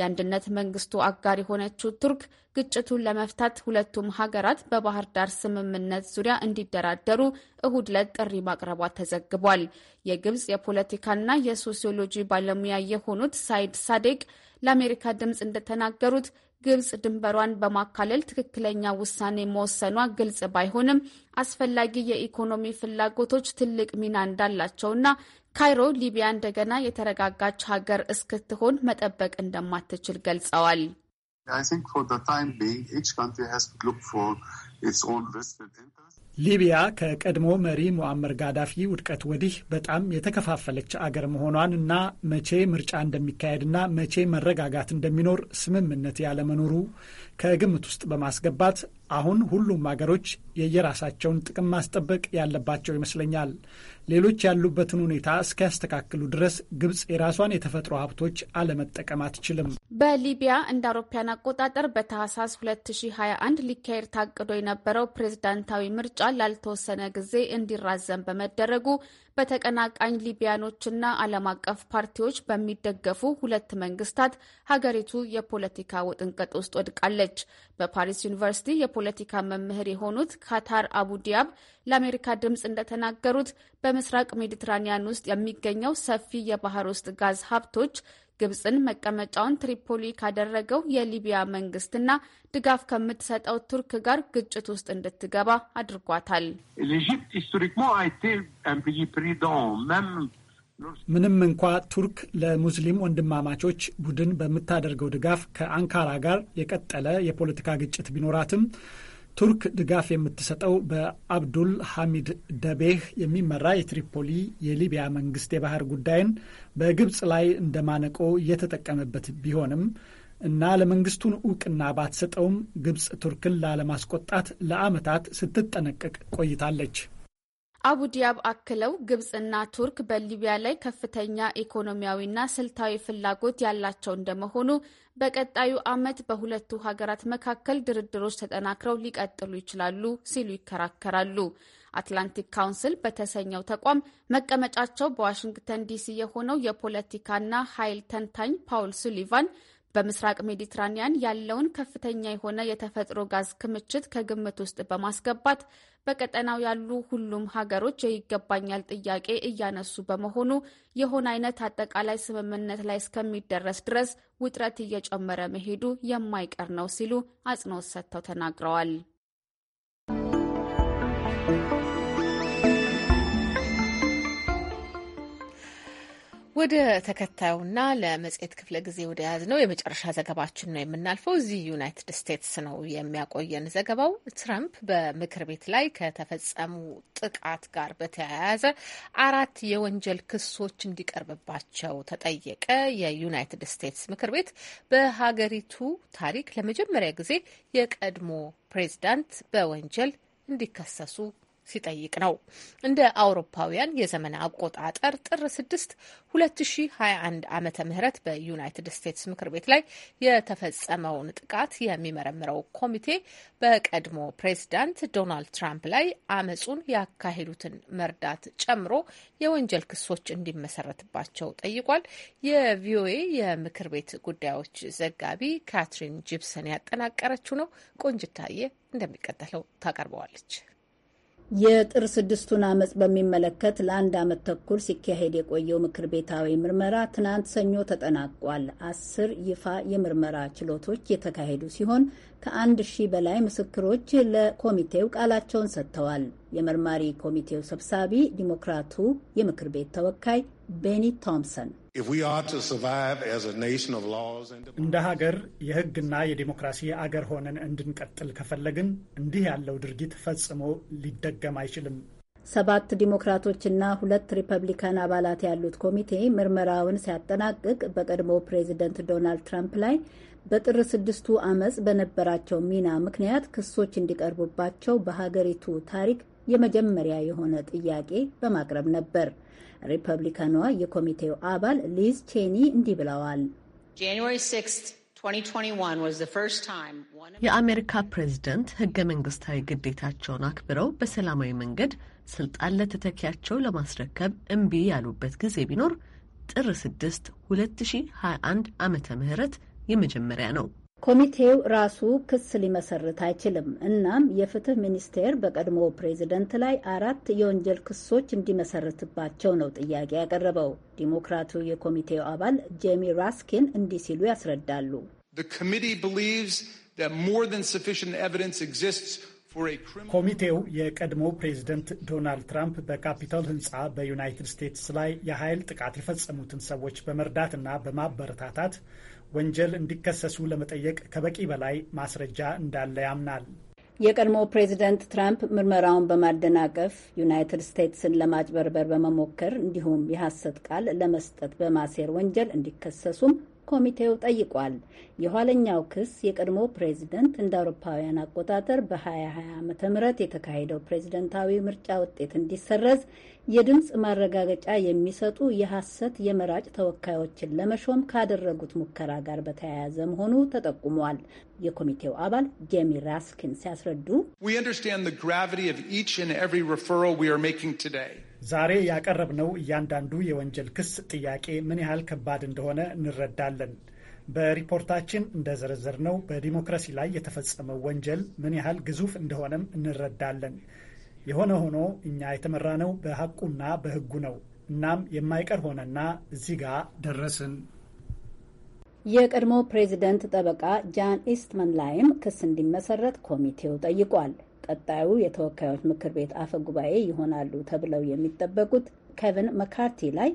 የአንድነት መንግስቱ አጋር የሆነችው ቱርክ ግጭቱን ለመፍታት ሁለቱም ሀገራት በባህር ዳር ስምምነት ዙሪያ እንዲደራደሩ እሁድ ዕለት ጥሪ ማቅረቧ ተዘግቧል። የግብጽ የፖለቲካና የሶሲዮሎጂ ባለሙያ የሆኑት ሳይድ ሳዴቅ ለአሜሪካ ድምፅ እንደተናገሩት ግብጽ ድንበሯን በማካለል ትክክለኛ ውሳኔ መወሰኗ ግልጽ ባይሆንም አስፈላጊ የኢኮኖሚ ፍላጎቶች ትልቅ ሚና እንዳላቸውና ካይሮ ሊቢያ እንደገና የተረጋጋች ሀገር እስክትሆን መጠበቅ እንደማትችል ገልጸዋል። ሊቢያ ከቀድሞ መሪ ሙአመር ጋዳፊ ውድቀት ወዲህ በጣም የተከፋፈለች አገር መሆኗን እና መቼ ምርጫ እንደሚካሄድና መቼ መረጋጋት እንደሚኖር ስምምነት ያለመኖሩ ከግምት ውስጥ በማስገባት አሁን ሁሉም አገሮች የየራሳቸውን ጥቅም ማስጠበቅ ያለባቸው ይመስለኛል። ሌሎች ያሉበትን ሁኔታ እስኪያስተካክሉ ድረስ ግብጽ የራሷን የተፈጥሮ ሀብቶች አለመጠቀም አትችልም። በሊቢያ እንደ አውሮፓያን አቆጣጠር በታህሳስ 2021 ሊካሄድ ታቅዶ የነበረው ፕሬዝዳንታዊ ምርጫ ላልተወሰነ ጊዜ እንዲራዘም በመደረጉ በተቀናቃኝ ሊቢያኖችና ዓለም አቀፍ ፓርቲዎች በሚደገፉ ሁለት መንግስታት ሀገሪቱ የፖለቲካ ውጥንቅጥ ውስጥ ወድቃለች። በፓሪስ ዩኒቨርሲቲ የፖለቲካ መምህር የሆኑት ካታር አቡ ዲያብ ለአሜሪካ ድምፅ እንደተናገሩት በምስራቅ ሜዲትራኒያን ውስጥ የሚገኘው ሰፊ የባህር ውስጥ ጋዝ ሀብቶች ግብፅን መቀመጫውን ትሪፖሊ ካደረገው የሊቢያ መንግስትና ድጋፍ ከምትሰጠው ቱርክ ጋር ግጭት ውስጥ እንድትገባ አድርጓታል። ምንም እንኳ ቱርክ ለሙስሊም ወንድማማቾች ቡድን በምታደርገው ድጋፍ ከአንካራ ጋር የቀጠለ የፖለቲካ ግጭት ቢኖራትም ቱርክ ድጋፍ የምትሰጠው በአብዱል ሐሚድ ደቤህ የሚመራ የትሪፖሊ የሊቢያ መንግስት የባህር ጉዳይን በግብፅ ላይ እንደማነቆ እየተጠቀመበት ቢሆንም እና ለመንግስቱን እውቅና ባትሰጠውም ግብፅ ቱርክን ላለማስቆጣት ለአመታት ስትጠነቀቅ ቆይታለች። አቡዲያብ አክለው ግብፅና ቱርክ በሊቢያ ላይ ከፍተኛ ኢኮኖሚያዊና ስልታዊ ፍላጎት ያላቸው እንደመሆኑ በቀጣዩ ዓመት በሁለቱ ሀገራት መካከል ድርድሮች ተጠናክረው ሊቀጥሉ ይችላሉ ሲሉ ይከራከራሉ። አትላንቲክ ካውንስል በተሰኘው ተቋም መቀመጫቸው በዋሽንግተን ዲሲ የሆነው የፖለቲካና ኃይል ተንታኝ ፓውል ሱሊቫን በምስራቅ ሜዲትራኒያን ያለውን ከፍተኛ የሆነ የተፈጥሮ ጋዝ ክምችት ከግምት ውስጥ በማስገባት በቀጠናው ያሉ ሁሉም ሀገሮች የይገባኛል ጥያቄ እያነሱ በመሆኑ የሆነ አይነት አጠቃላይ ስምምነት ላይ እስከሚደረስ ድረስ ውጥረት እየጨመረ መሄዱ የማይቀር ነው ሲሉ አጽንኦት ሰጥተው ተናግረዋል። ወደ ተከታዩና ለመጽሔት ክፍለ ጊዜ ወደ ያዝ ነው የመጨረሻ ዘገባችን ነው የምናልፈው። እዚህ ዩናይትድ ስቴትስ ነው የሚያቆየን ዘገባው። ትራምፕ በምክር ቤት ላይ ከተፈጸሙ ጥቃት ጋር በተያያዘ አራት የወንጀል ክሶች እንዲቀርብባቸው ተጠየቀ። የዩናይትድ ስቴትስ ምክር ቤት በሀገሪቱ ታሪክ ለመጀመሪያ ጊዜ የቀድሞ ፕሬዚዳንት በወንጀል እንዲከሰሱ ሲጠይቅ ነው። እንደ አውሮፓውያን የዘመን አቆጣጠር ጥር 6 2021 ዓመተ ምህረት በዩናይትድ ስቴትስ ምክር ቤት ላይ የተፈጸመውን ጥቃት የሚመረምረው ኮሚቴ በቀድሞ ፕሬዚዳንት ዶናልድ ትራምፕ ላይ አመጹን ያካሄዱትን መርዳት ጨምሮ የወንጀል ክሶች እንዲመሰረትባቸው ጠይቋል። የቪኦኤ የምክር ቤት ጉዳዮች ዘጋቢ ካትሪን ጂፕሰን ያጠናቀረችው ነው። ቆንጅታየ እንደሚቀጥለው ታቀርበዋለች። የጥር ስድስቱን አመፅ በሚመለከት ለአንድ አመት ተኩል ሲካሄድ የቆየው ምክር ቤታዊ ምርመራ ትናንት ሰኞ ተጠናቋል። አስር ይፋ የምርመራ ችሎቶች የተካሄዱ ሲሆን ከአንድ ሺህ በላይ ምስክሮች ለኮሚቴው ቃላቸውን ሰጥተዋል። የመርማሪ ኮሚቴው ሰብሳቢ ዲሞክራቱ የምክር ቤት ተወካይ ቤኒ ቶምሰን እንደ ሀገር የሕግና የዲሞክራሲ አገር ሆነን እንድንቀጥል ከፈለግን እንዲህ ያለው ድርጊት ፈጽሞ ሊደገም አይችልም። ሰባት ዲሞክራቶችና ሁለት ሪፐብሊካን አባላት ያሉት ኮሚቴ ምርመራውን ሲያጠናቅቅ በቀድሞ ፕሬዚደንት ዶናልድ ትራምፕ ላይ በጥር ስድስቱ አመፅ በነበራቸው ሚና ምክንያት ክሶች እንዲቀርቡባቸው በሀገሪቱ ታሪክ የመጀመሪያ የሆነ ጥያቄ በማቅረብ ነበር። ሪፐብሊካኗ የኮሚቴው አባል ሊዝ ቼኒ እንዲህ ብለዋል። የአሜሪካ ፕሬዝደንት ህገ መንግስታዊ ግዴታቸውን አክብረው በሰላማዊ መንገድ ስልጣን ለተተኪያቸው ለማስረከብ እምቢ ያሉበት ጊዜ ቢኖር ጥር 6 2021 ዓመተ ምህረት የመጀመሪያ ነው። ኮሚቴው ራሱ ክስ ሊመሰርት አይችልም። እናም የፍትህ ሚኒስቴር በቀድሞ ፕሬዝደንት ላይ አራት የወንጀል ክሶች እንዲመሰርትባቸው ነው ጥያቄ ያቀረበው። ዲሞክራቱ የኮሚቴው አባል ጄሚ ራስኪን እንዲህ ሲሉ ያስረዳሉ። [laughs] ኮሚቴው የቀድሞ ፕሬዝደንት ዶናልድ ትራምፕ በካፒታል ህንፃ በዩናይትድ ስቴትስ ላይ የኃይል ጥቃት የፈጸሙትን ሰዎች በመርዳትና በማበረታታት ወንጀል እንዲከሰሱ ለመጠየቅ ከበቂ በላይ ማስረጃ እንዳለ ያምናል። የቀድሞ ፕሬዚደንት ትራምፕ ምርመራውን በማደናቀፍ ዩናይትድ ስቴትስን ለማጭበርበር በመሞከር እንዲሁም የሐሰት ቃል ለመስጠት በማሴር ወንጀል እንዲከሰሱም ኮሚቴው ጠይቋል። የኋለኛው ክስ የቀድሞ ፕሬዚደንት እንደ አውሮፓውያን አቆጣጠር በ2020 ዓ ም የተካሄደው ፕሬዚደንታዊ ምርጫ ውጤት እንዲሰረዝ የድምፅ ማረጋገጫ የሚሰጡ የሐሰት የመራጭ ተወካዮችን ለመሾም ካደረጉት ሙከራ ጋር በተያያዘ መሆኑ ተጠቁሟል። የኮሚቴው አባል ጄሚ ራስኪን ሲያስረዱ ዛሬ ያቀረብነው እያንዳንዱ የወንጀል ክስ ጥያቄ ምን ያህል ከባድ እንደሆነ እንረዳለን። በሪፖርታችን እንደዘረዘርነው በዲሞክራሲ ላይ የተፈጸመው ወንጀል ምን ያህል ግዙፍ እንደሆነም እንረዳለን። የሆነ ሆኖ እኛ የተመራነው በሐቁና በሕጉ ነው። እናም የማይቀር ሆነና እዚህ ጋር ደረስን። የቀድሞ ፕሬዚደንት ጠበቃ ጃን ኢስትመን ላይም ክስ እንዲመሰረት ኮሚቴው ጠይቋል። ቀጣዩ የተወካዮች ምክር ቤት አፈ ጉባኤ ይሆናሉ ተብለው የሚጠበቁት ኬቪን መካርቲ ላይ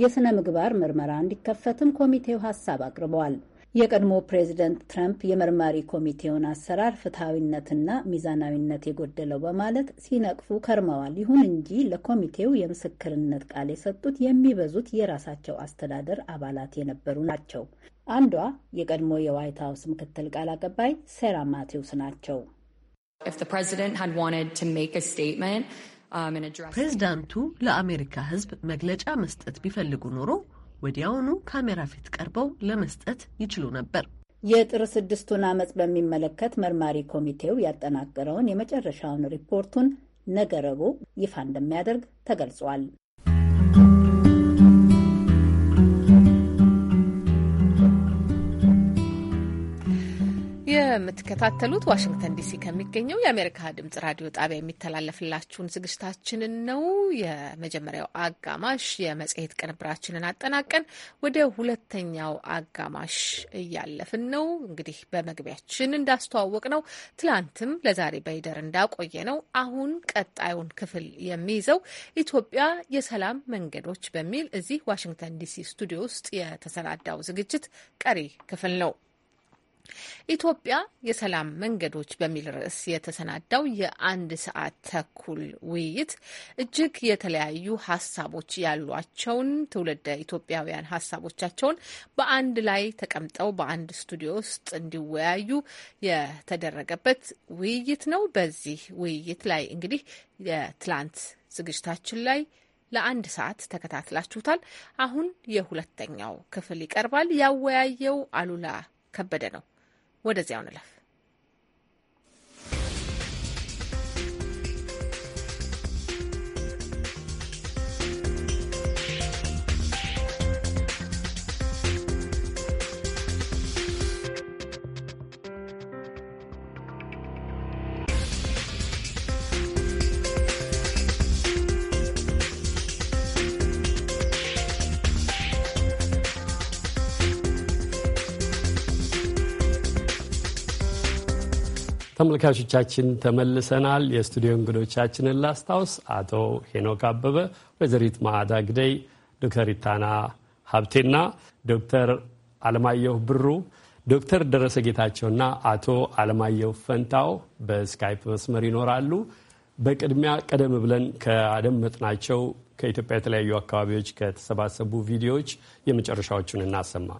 የሥነ ምግባር ምርመራ እንዲከፈትም ኮሚቴው ሀሳብ አቅርበዋል። የቀድሞ ፕሬዚደንት ትራምፕ የመርማሪ ኮሚቴውን አሰራር ፍትሐዊነትና ሚዛናዊነት የጎደለው በማለት ሲነቅፉ ከርመዋል። ይሁን እንጂ ለኮሚቴው የምስክርነት ቃል የሰጡት የሚበዙት የራሳቸው አስተዳደር አባላት የነበሩ ናቸው። አንዷ የቀድሞ የዋይት ሀውስ ምክትል ቃል አቀባይ ሴራ ማቴውስ ናቸው። Um, ፕሬዚዳንቱ ለአሜሪካ ሕዝብ መግለጫ መስጠት ቢፈልጉ ኖሮ ወዲያውኑ ካሜራ ፊት ቀርበው ለመስጠት ይችሉ ነበር። የጥር ስድስቱን አመፅ በሚመለከት መርማሪ ኮሚቴው ያጠናቀረውን የመጨረሻውን ሪፖርቱን ነገ ረቡዕ ይፋ እንደሚያደርግ ተገልጿል። የምትከታተሉት ዋሽንግተን ዲሲ ከሚገኘው የአሜሪካ ድምጽ ራዲዮ ጣቢያ የሚተላለፍላችሁን ዝግጅታችንን ነው። የመጀመሪያው አጋማሽ የመጽሔት ቅንብራችንን አጠናቀን ወደ ሁለተኛው አጋማሽ እያለፍን ነው። እንግዲህ በመግቢያችን እንዳስተዋወቅ ነው ትላንትም ለዛሬ በይደር እንዳቆየ ነው። አሁን ቀጣዩን ክፍል የሚይዘው ኢትዮጵያ የሰላም መንገዶች በሚል እዚህ ዋሽንግተን ዲሲ ስቱዲዮ ውስጥ የተሰናዳው ዝግጅት ቀሪ ክፍል ነው። ኢትዮጵያ የሰላም መንገዶች በሚል ርዕስ የተሰናዳው የአንድ ሰዓት ተኩል ውይይት እጅግ የተለያዩ ሀሳቦች ያሏቸውን ትውልደ ኢትዮጵያውያን ሀሳቦቻቸውን በአንድ ላይ ተቀምጠው በአንድ ስቱዲዮ ውስጥ እንዲወያዩ የተደረገበት ውይይት ነው። በዚህ ውይይት ላይ እንግዲህ የትላንት ዝግጅታችን ላይ ለአንድ ሰዓት ተከታትላችሁታል። አሁን የሁለተኛው ክፍል ይቀርባል። ያወያየው አሉላ ከበደ ነው። ወደዚያው ንለፍ። ተመልካቾቻችን ተመልሰናል። የስቱዲዮ እንግዶቻችንን ላስታውስ። አቶ ሄኖክ አበበ፣ ወይዘሪት ማዕዳ ግደይ፣ ዶክተር ኢታና ሀብቴና ዶክተር አለማየሁ ብሩ፣ ዶክተር ደረሰ ጌታቸውና አቶ አለማየሁ ፈንታው በስካይፕ መስመር ይኖራሉ። በቅድሚያ ቀደም ብለን ካደመጥናቸው ከኢትዮጵያ የተለያዩ አካባቢዎች ከተሰባሰቡ ቪዲዮዎች የመጨረሻዎቹን እናሰማ።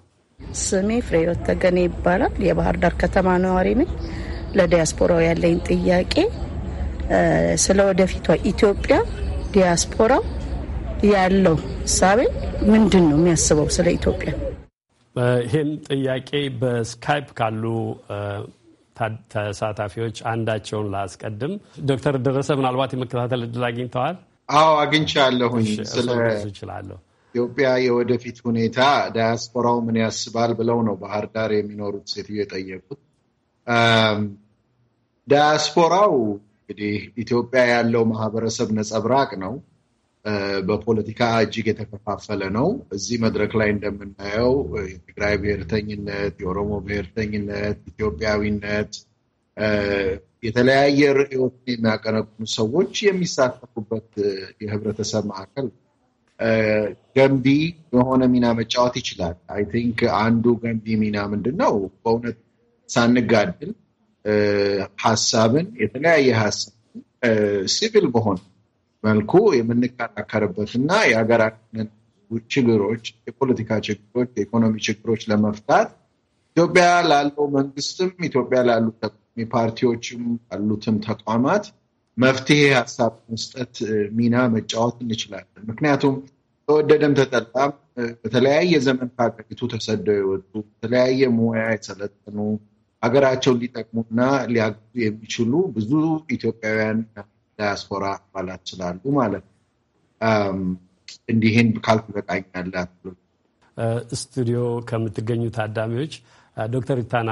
ስሜ ፍሬወት ተገኔ ይባላል። የባህር ዳር ከተማ ነዋሪ ነኝ። ለዲያስፖራው ያለኝ ጥያቄ ስለ ወደፊቷ ኢትዮጵያ ዲያስፖራው ያለው እሳቤ ምንድን ነው የሚያስበው ስለ ኢትዮጵያ? ይህን ጥያቄ በስካይፕ ካሉ ተሳታፊዎች አንዳቸውን ላስቀድም። ዶክተር ደረሰ ምናልባት የመከታተል እድል አግኝተዋል? አዎ አግኝቻለሁኝ። ስለ ኢትዮጵያ የወደፊት ሁኔታ ዳያስፖራው ምን ያስባል ብለው ነው ባህር ዳር የሚኖሩት ሴትዮ የጠየቁት። ዳያስፖራው እንግዲህ ኢትዮጵያ ያለው ማህበረሰብ ነጸብራቅ ነው። በፖለቲካ እጅግ የተከፋፈለ ነው። እዚህ መድረክ ላይ እንደምናየው የትግራይ ብሔርተኝነት፣ የኦሮሞ ብሔርተኝነት፣ ኢትዮጵያዊነት የተለያየ ርዕዮትን የሚያቀነቁኑ ሰዎች የሚሳተፉበት የህብረተሰብ ማዕከል ገንቢ የሆነ ሚና መጫወት ይችላል። አይ ቲንክ አንዱ ገንቢ ሚና ምንድን ነው በእውነት ሳንጋድል ሀሳብን የተለያየ ሀሳብ ሲቪል በሆነ መልኩ የምንከራከርበትና የሀገራችንን ችግሮች፣ የፖለቲካ ችግሮች፣ የኢኮኖሚ ችግሮች ለመፍታት ኢትዮጵያ ላለው መንግስትም ኢትዮጵያ ላሉ ተቃዋሚ ፓርቲዎችም ያሉትም ተቋማት መፍትሄ ሀሳብ መስጠት ሚና መጫወት እንችላለን። ምክንያቱም ተወደደም ተጠላም በተለያየ ዘመን ከሀገሪቱ ተሰደው የወጡ በተለያየ ሙያ የሰለጠኑ ሀገራቸውን ሊጠቅሙና ሊያግዙ የሚችሉ ብዙ ኢትዮጵያውያን ዳያስፖራ አባላት ስላሉ ማለት ነው። እንዲህን ካልኩ በቃኛለ ስቱዲዮ ከምትገኙ ታዳሚዎች ዶክተር ኢታና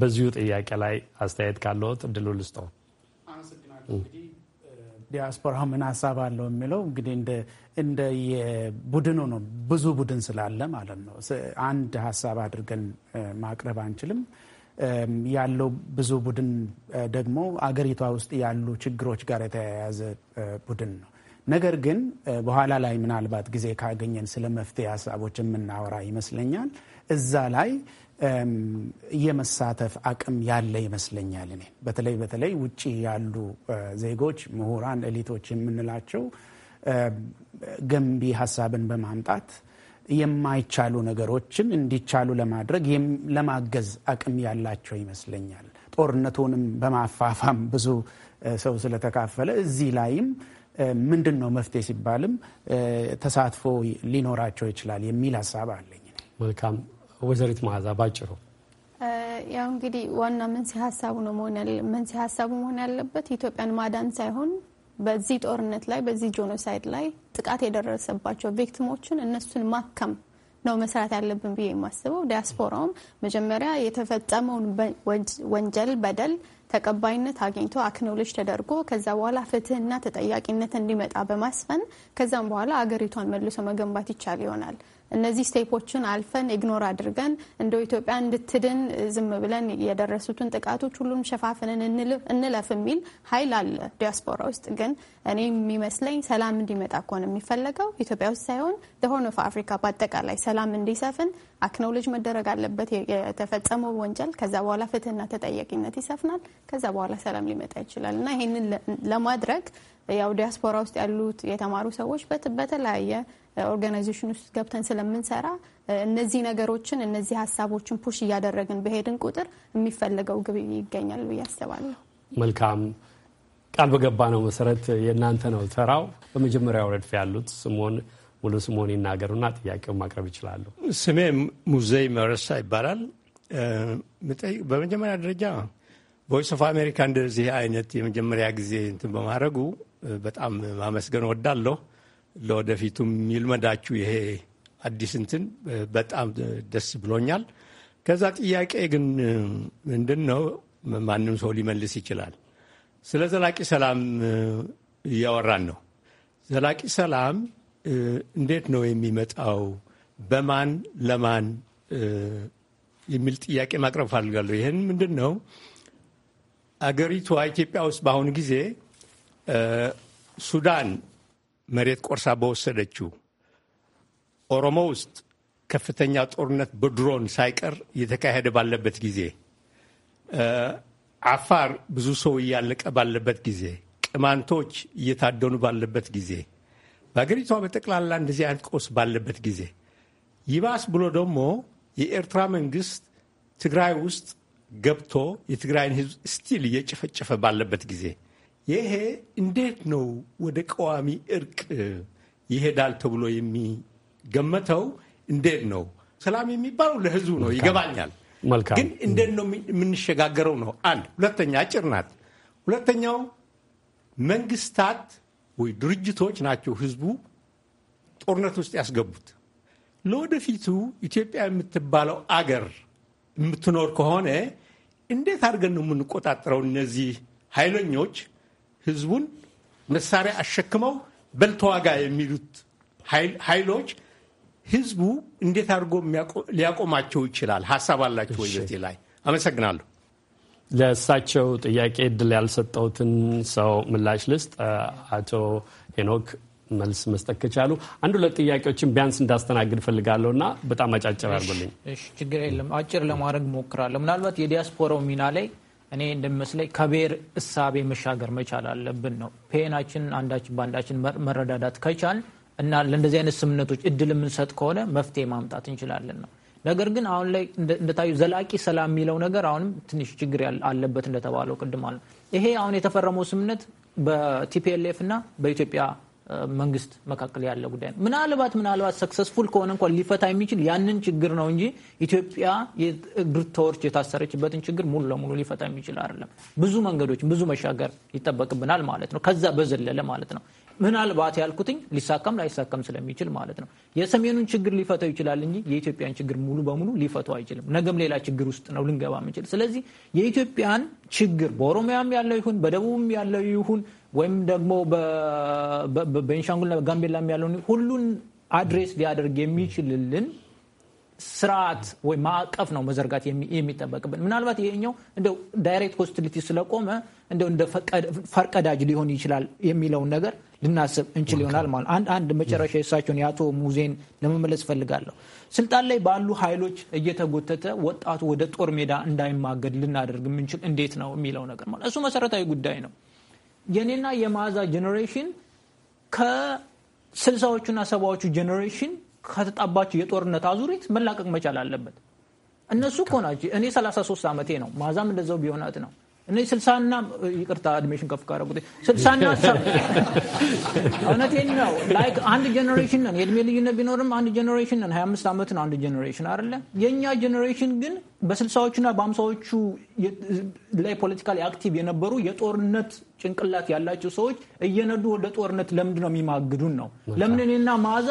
በዚሁ ጥያቄ ላይ አስተያየት ካለዎት እድሉ ልስጠው። አመሰግናለሁ። ዲያስፖራ ምን ሀሳብ አለው የሚለው እንግዲህ እንደ የቡድኑ ነው። ብዙ ቡድን ስላለ ማለት ነው አንድ ሀሳብ አድርገን ማቅረብ አንችልም። ያለው ብዙ ቡድን ደግሞ አገሪቷ ውስጥ ያሉ ችግሮች ጋር የተያያዘ ቡድን ነው። ነገር ግን በኋላ ላይ ምናልባት ጊዜ ካገኘን ስለ መፍትሄ ሀሳቦች የምናወራ ይመስለኛል። እዛ ላይ የመሳተፍ አቅም ያለ ይመስለኛል። እኔ በተለይ በተለይ ውጭ ያሉ ዜጎች፣ ምሁራን፣ ኤሊቶች የምንላቸው ገንቢ ሀሳብን በማምጣት የማይቻሉ ነገሮችን እንዲቻሉ ለማድረግ ለማገዝ አቅም ያላቸው ይመስለኛል። ጦርነቱንም በማፋፋም ብዙ ሰው ስለተካፈለ እዚህ ላይም ምንድን ነው መፍትሄ ሲባልም ተሳትፎ ሊኖራቸው ይችላል የሚል ሀሳብ አለኝ። መልካም ወይዘሪት መዓዛ ባጭሩ ያው እንግዲህ ዋና መንስኤ ሀሳቡ ነው መሆን ያለ መንስኤ ሀሳቡ መሆን ያለበት ኢትዮጵያን ማዳን ሳይሆን በዚህ ጦርነት ላይ በዚህ ጄኖሳይድ ላይ ጥቃት የደረሰባቸው ቪክቲሞችን እነሱን ማከም ነው መስራት ያለብን ብዬ የማስበው። ዲያስፖራውም መጀመሪያ የተፈጸመውን ወንጀል በደል ተቀባይነት አግኝቶ አክኖሎጅ ተደርጎ ከዛ በኋላ ፍትህና ተጠያቂነት እንዲመጣ በማስፈን ከዛም በኋላ አገሪቷን መልሶ መገንባት ይቻል ይሆናል። እነዚህ ስቴፖችን አልፈን ኢግኖር አድርገን እንደ ኢትዮጵያ እንድትድን ዝም ብለን የደረሱትን ጥቃቶች ሁሉም ሸፋፍንን እንለፍ የሚል ኃይል አለ ዲያስፖራ ውስጥ። ግን እኔ የሚመስለኝ ሰላም እንዲመጣ ከሆነ የሚፈለገው ኢትዮጵያ ውስጥ ሳይሆን ሆርን ኦፍ አፍሪካ በአጠቃላይ ሰላም እንዲሰፍን አክኖሎጅ መደረግ አለበት የተፈጸመው ወንጀል። ከዛ በኋላ ፍትህና ተጠያቂነት ይሰፍናል። ከዛ በኋላ ሰላም ሊመጣ ይችላል እና ይህንን ለማድረግ ያው ዲያስፖራ ውስጥ ያሉት የተማሩ ሰዎች በተለያየ ኦርጋናይዜሽን ውስጥ ገብተን ስለምንሰራ እነዚህ ነገሮችን እነዚህ ሀሳቦችን ፑሽ እያደረግን በሄድን ቁጥር የሚፈለገው ግብ ይገኛል ብዬ አስባለሁ። መልካም ቃል በገባ ነው መሰረት የእናንተ ነው ተራው። በመጀመሪያው ረድፍ ያሉት ስሞን ሙሉ ስሞን ይናገሩና ጥያቄውን ማቅረብ ይችላሉ። ስሜ ሙዘይ መረሳ ይባላል። በመጀመሪያ ደረጃ ቮይስ ኦፍ አሜሪካ እንደዚህ አይነት የመጀመሪያ ጊዜ እንትን በማድረጉ በጣም ማመስገን ወዳለሁ። ለወደፊቱም ይልመዳችሁ ይሄ አዲስ እንትን በጣም ደስ ብሎኛል። ከዛ ጥያቄ ግን ምንድን ነው ማንም ሰው ሊመልስ ይችላል። ስለ ዘላቂ ሰላም እያወራን ነው። ዘላቂ ሰላም እንዴት ነው የሚመጣው? በማን ለማን የሚል ጥያቄ ማቅረብ ፈልጋለሁ። ይህን ምንድን ነው አገሪቷ ኢትዮጵያ ውስጥ በአሁኑ ጊዜ ሱዳን መሬት ቆርሳ በወሰደችው ኦሮሞ ውስጥ ከፍተኛ ጦርነት በድሮን ሳይቀር እየተካሄደ ባለበት ጊዜ፣ አፋር ብዙ ሰው እያለቀ ባለበት ጊዜ፣ ቅማንቶች እየታደኑ ባለበት ጊዜ፣ በሀገሪቷ በጠቅላላ እንደዚህ አይነት ቀውስ ባለበት ጊዜ ይባስ ብሎ ደግሞ የኤርትራ መንግስት ትግራይ ውስጥ ገብቶ የትግራይን ህዝብ ስቲል እየጨፈጨፈ ባለበት ጊዜ ይሄ እንዴት ነው ወደ ቀዋሚ እርቅ ይሄዳል ተብሎ የሚገመተው? እንዴት ነው ሰላም የሚባለው? ለህዝቡ ነው ይገባኛል። ግን እንዴት ነው የምንሸጋገረው ነው አንድ። ሁለተኛ አጭር ናት። ሁለተኛው መንግስታት ወይ ድርጅቶች ናቸው ህዝቡ ጦርነት ውስጥ ያስገቡት። ለወደፊቱ ኢትዮጵያ የምትባለው አገር የምትኖር ከሆነ እንዴት አድርገን ነው የምንቆጣጠረው እነዚህ ኃይለኞች ህዝቡን መሳሪያ አሸክመው በልተዋጋ የሚሉት ኃይሎች ህዝቡ እንዴት አድርጎ ሊያቆማቸው ይችላል? ሀሳብ አላቸው ወይ በዚህ ላይ? አመሰግናለሁ። ለእሳቸው ጥያቄ እድል ያልሰጠውትን ሰው ምላሽ ልስጥ። አቶ ሄኖክ መልስ መስጠት ከቻሉ አንድ ሁለት ጥያቄዎችን ቢያንስ እንዳስተናግድ ፈልጋለሁ እና በጣም አጫጭር አድርጉልኝ። ችግር የለም አጭር ለማድረግ ሞክራለሁ። ምናልባት የዲያስፖራው ሚና ላይ እኔ እንደሚመስለኝ ከብሔር እሳቤ መሻገር መቻል አለብን ነው ፔናችን አንዳችን በአንዳችን መረዳዳት ከቻል እና ለእንደዚህ አይነት ስምምነቶች እድል የምንሰጥ ከሆነ መፍትሄ ማምጣት እንችላለን ነው። ነገር ግን አሁን ላይ እንደታዩ ዘላቂ ሰላም የሚለው ነገር አሁንም ትንሽ ችግር አለበት እንደተባለው ቅድም አለ። ይሄ አሁን የተፈረመው ስምምነት በቲፒኤልኤፍ እና በኢትዮጵያ መንግስት መካከል ያለ ጉዳይ ነው። ምናልባት ምናልባት ሰክሰስፉል ከሆነ እንኳን ሊፈታ የሚችል ያንን ችግር ነው እንጂ ኢትዮጵያ የእግር ተወርች የታሰረችበትን ችግር ሙሉ ለሙሉ ሊፈታ የሚችል አይደለም። ብዙ መንገዶች ብዙ መሻገር ይጠበቅብናል ማለት ነው። ከዛ በዘለለ ማለት ነው። ምናልባት ያልኩትኝ ሊሳካም ላይሳካም ስለሚችል ማለት ነው። የሰሜኑን ችግር ሊፈተው ይችላል እንጂ የኢትዮጵያን ችግር ሙሉ በሙሉ ሊፈተው አይችልም። ነገም ሌላ ችግር ውስጥ ነው ልንገባ የምንችል። ስለዚህ የኢትዮጵያን ችግር በኦሮሚያም ያለው ይሁን በደቡብም ያለው ይሁን ወይም ደግሞ በቤንሻንጉልና በጋምቤላም ያለውን ሁሉን አድሬስ ሊያደርግ የሚችልልን ስርዓት ወይም ማዕቀፍ ነው መዘርጋት የሚጠበቅብን። ምናልባት ይሄኛው እንደው ዳይሬክት ሆስቲሊቲ ስለቆመ እንደው እንደ ፈርቀዳጅ ሊሆን ይችላል የሚለውን ነገር ልናስብ እንችል ይሆናል ማለት አንድ አንድ መጨረሻ የእሳቸውን የአቶ ሙዜን ለመመለስ እፈልጋለሁ። ስልጣን ላይ ባሉ ኃይሎች እየተጎተተ ወጣቱ ወደ ጦር ሜዳ እንዳይማገድ ልናደርግ የምንችል እንዴት ነው የሚለው ነገር ማለት እሱ መሰረታዊ ጉዳይ ነው። የኔና የመዓዛ ጀኔሬሽን ከስልሳዎቹና ሰባዎቹ ጀኔሬሽን ከተጣባቸው የጦርነት አዙሪት መላቀቅ መቻል አለበት። እነሱ እኮ ናቸው። እኔ 33 ዓመቴ ነው። ማዛም እንደዛው ቢሆናት ነው እነዚህ ስልሳና ይቅርታ እድሜሽን ከፍ ካረጉት ስልሳና [laughs] እውነቴን ነው። ላይክ አንድ ጀኔሬሽን ነን። የእድሜ ልዩነት ቢኖርም አንድ ጀኔሬሽን ነን። ሀያ አምስት ዓመት ነው አንድ ጀኔሬሽን አይደለ? የእኛ ጀኔሬሽን ግን በስልሳዎቹና በአምሳዎቹ ላይ ፖለቲካ ላይ አክቲቭ የነበሩ የጦርነት ጭንቅላት ያላቸው ሰዎች እየነዱ ወደ ጦርነት ለምንድን ነው የሚማግዱን ነው? ለምን እኔና ማዛ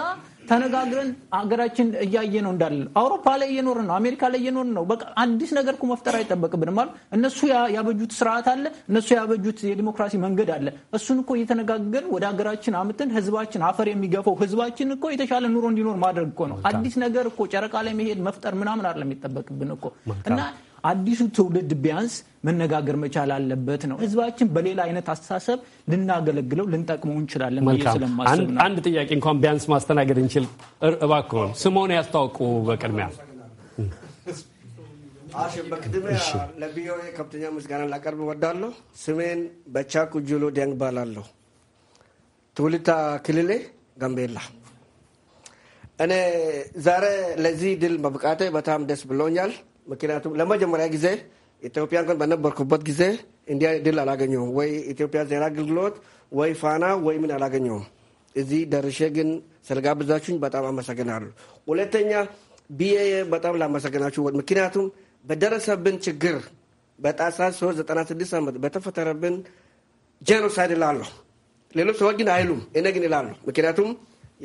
ተነጋግረን አገራችን እያየ ነው እንዳለ አውሮፓ ላይ እየኖርን ነው፣ አሜሪካ ላይ እየኖርን ነው። በቃ አዲስ ነገር እኮ መፍጠር አይጠበቅብንም። አሉ። እነሱ ያበጁት ስርዓት አለ፣ እነሱ ያበጁት የዲሞክራሲ መንገድ አለ። እሱን እኮ እየተነጋገርን ወደ ሀገራችን አምጥን ህዝባችን አፈር የሚገፋው ህዝባችን እኮ የተሻለ ኑሮ እንዲኖር ማድረግ እኮ ነው። አዲስ ነገር እኮ ጨረቃ ላይ መሄድ መፍጠር ምናምን አይደለም የሚጠበቅብን እኮ እና አዲሱ ትውልድ ቢያንስ መነጋገር መቻል አለበት ነው። ህዝባችን በሌላ አይነት አስተሳሰብ ልናገለግለው ልንጠቅመው እንችላለን ስለማስብ ነው። አንድ ጥያቄ እንኳን ቢያንስ ማስተናገድ እንችል። እባክዎን ስሞን ያስተዋውቁ በቅድሚያ። በቅድሚያ ለቪኦኤ ከፍተኛ ምስጋና ላቀርብ እወዳለሁ። ስሜን በቻኩ ጁሎ ደንግ ባላለሁ ትውልታ ክልሌ ጋምቤላ። እኔ ዛሬ ለዚህ ድል መብቃቴ በጣም ደስ ብሎኛል። ምክንያቱም ለመጀመሪያ ጊዜ ኢትዮጵያ እንኳን በነበርኩበት ጊዜ እንዲያ ድል አላገኘሁም። ወይ ኢትዮጵያ ዜና አገልግሎት ወይ ፋና ወይ ምን አላገኘሁም። እዚህ ደርሼ ግን ብዛችሁኝ በጣም አመሰግናለሁ። ሁለተኛ ቢኤ በጣም ላመሰግናችሁ። ምክንያቱም በደረሰብን ችግር በጣሳ 96 ዓመት በተፈጠረብን ጄኖሳይድ እላለሁ። ሌሎች ሰዎች ግን አይሉም፣ እኔ ግን እላለሁ። ምክንያቱም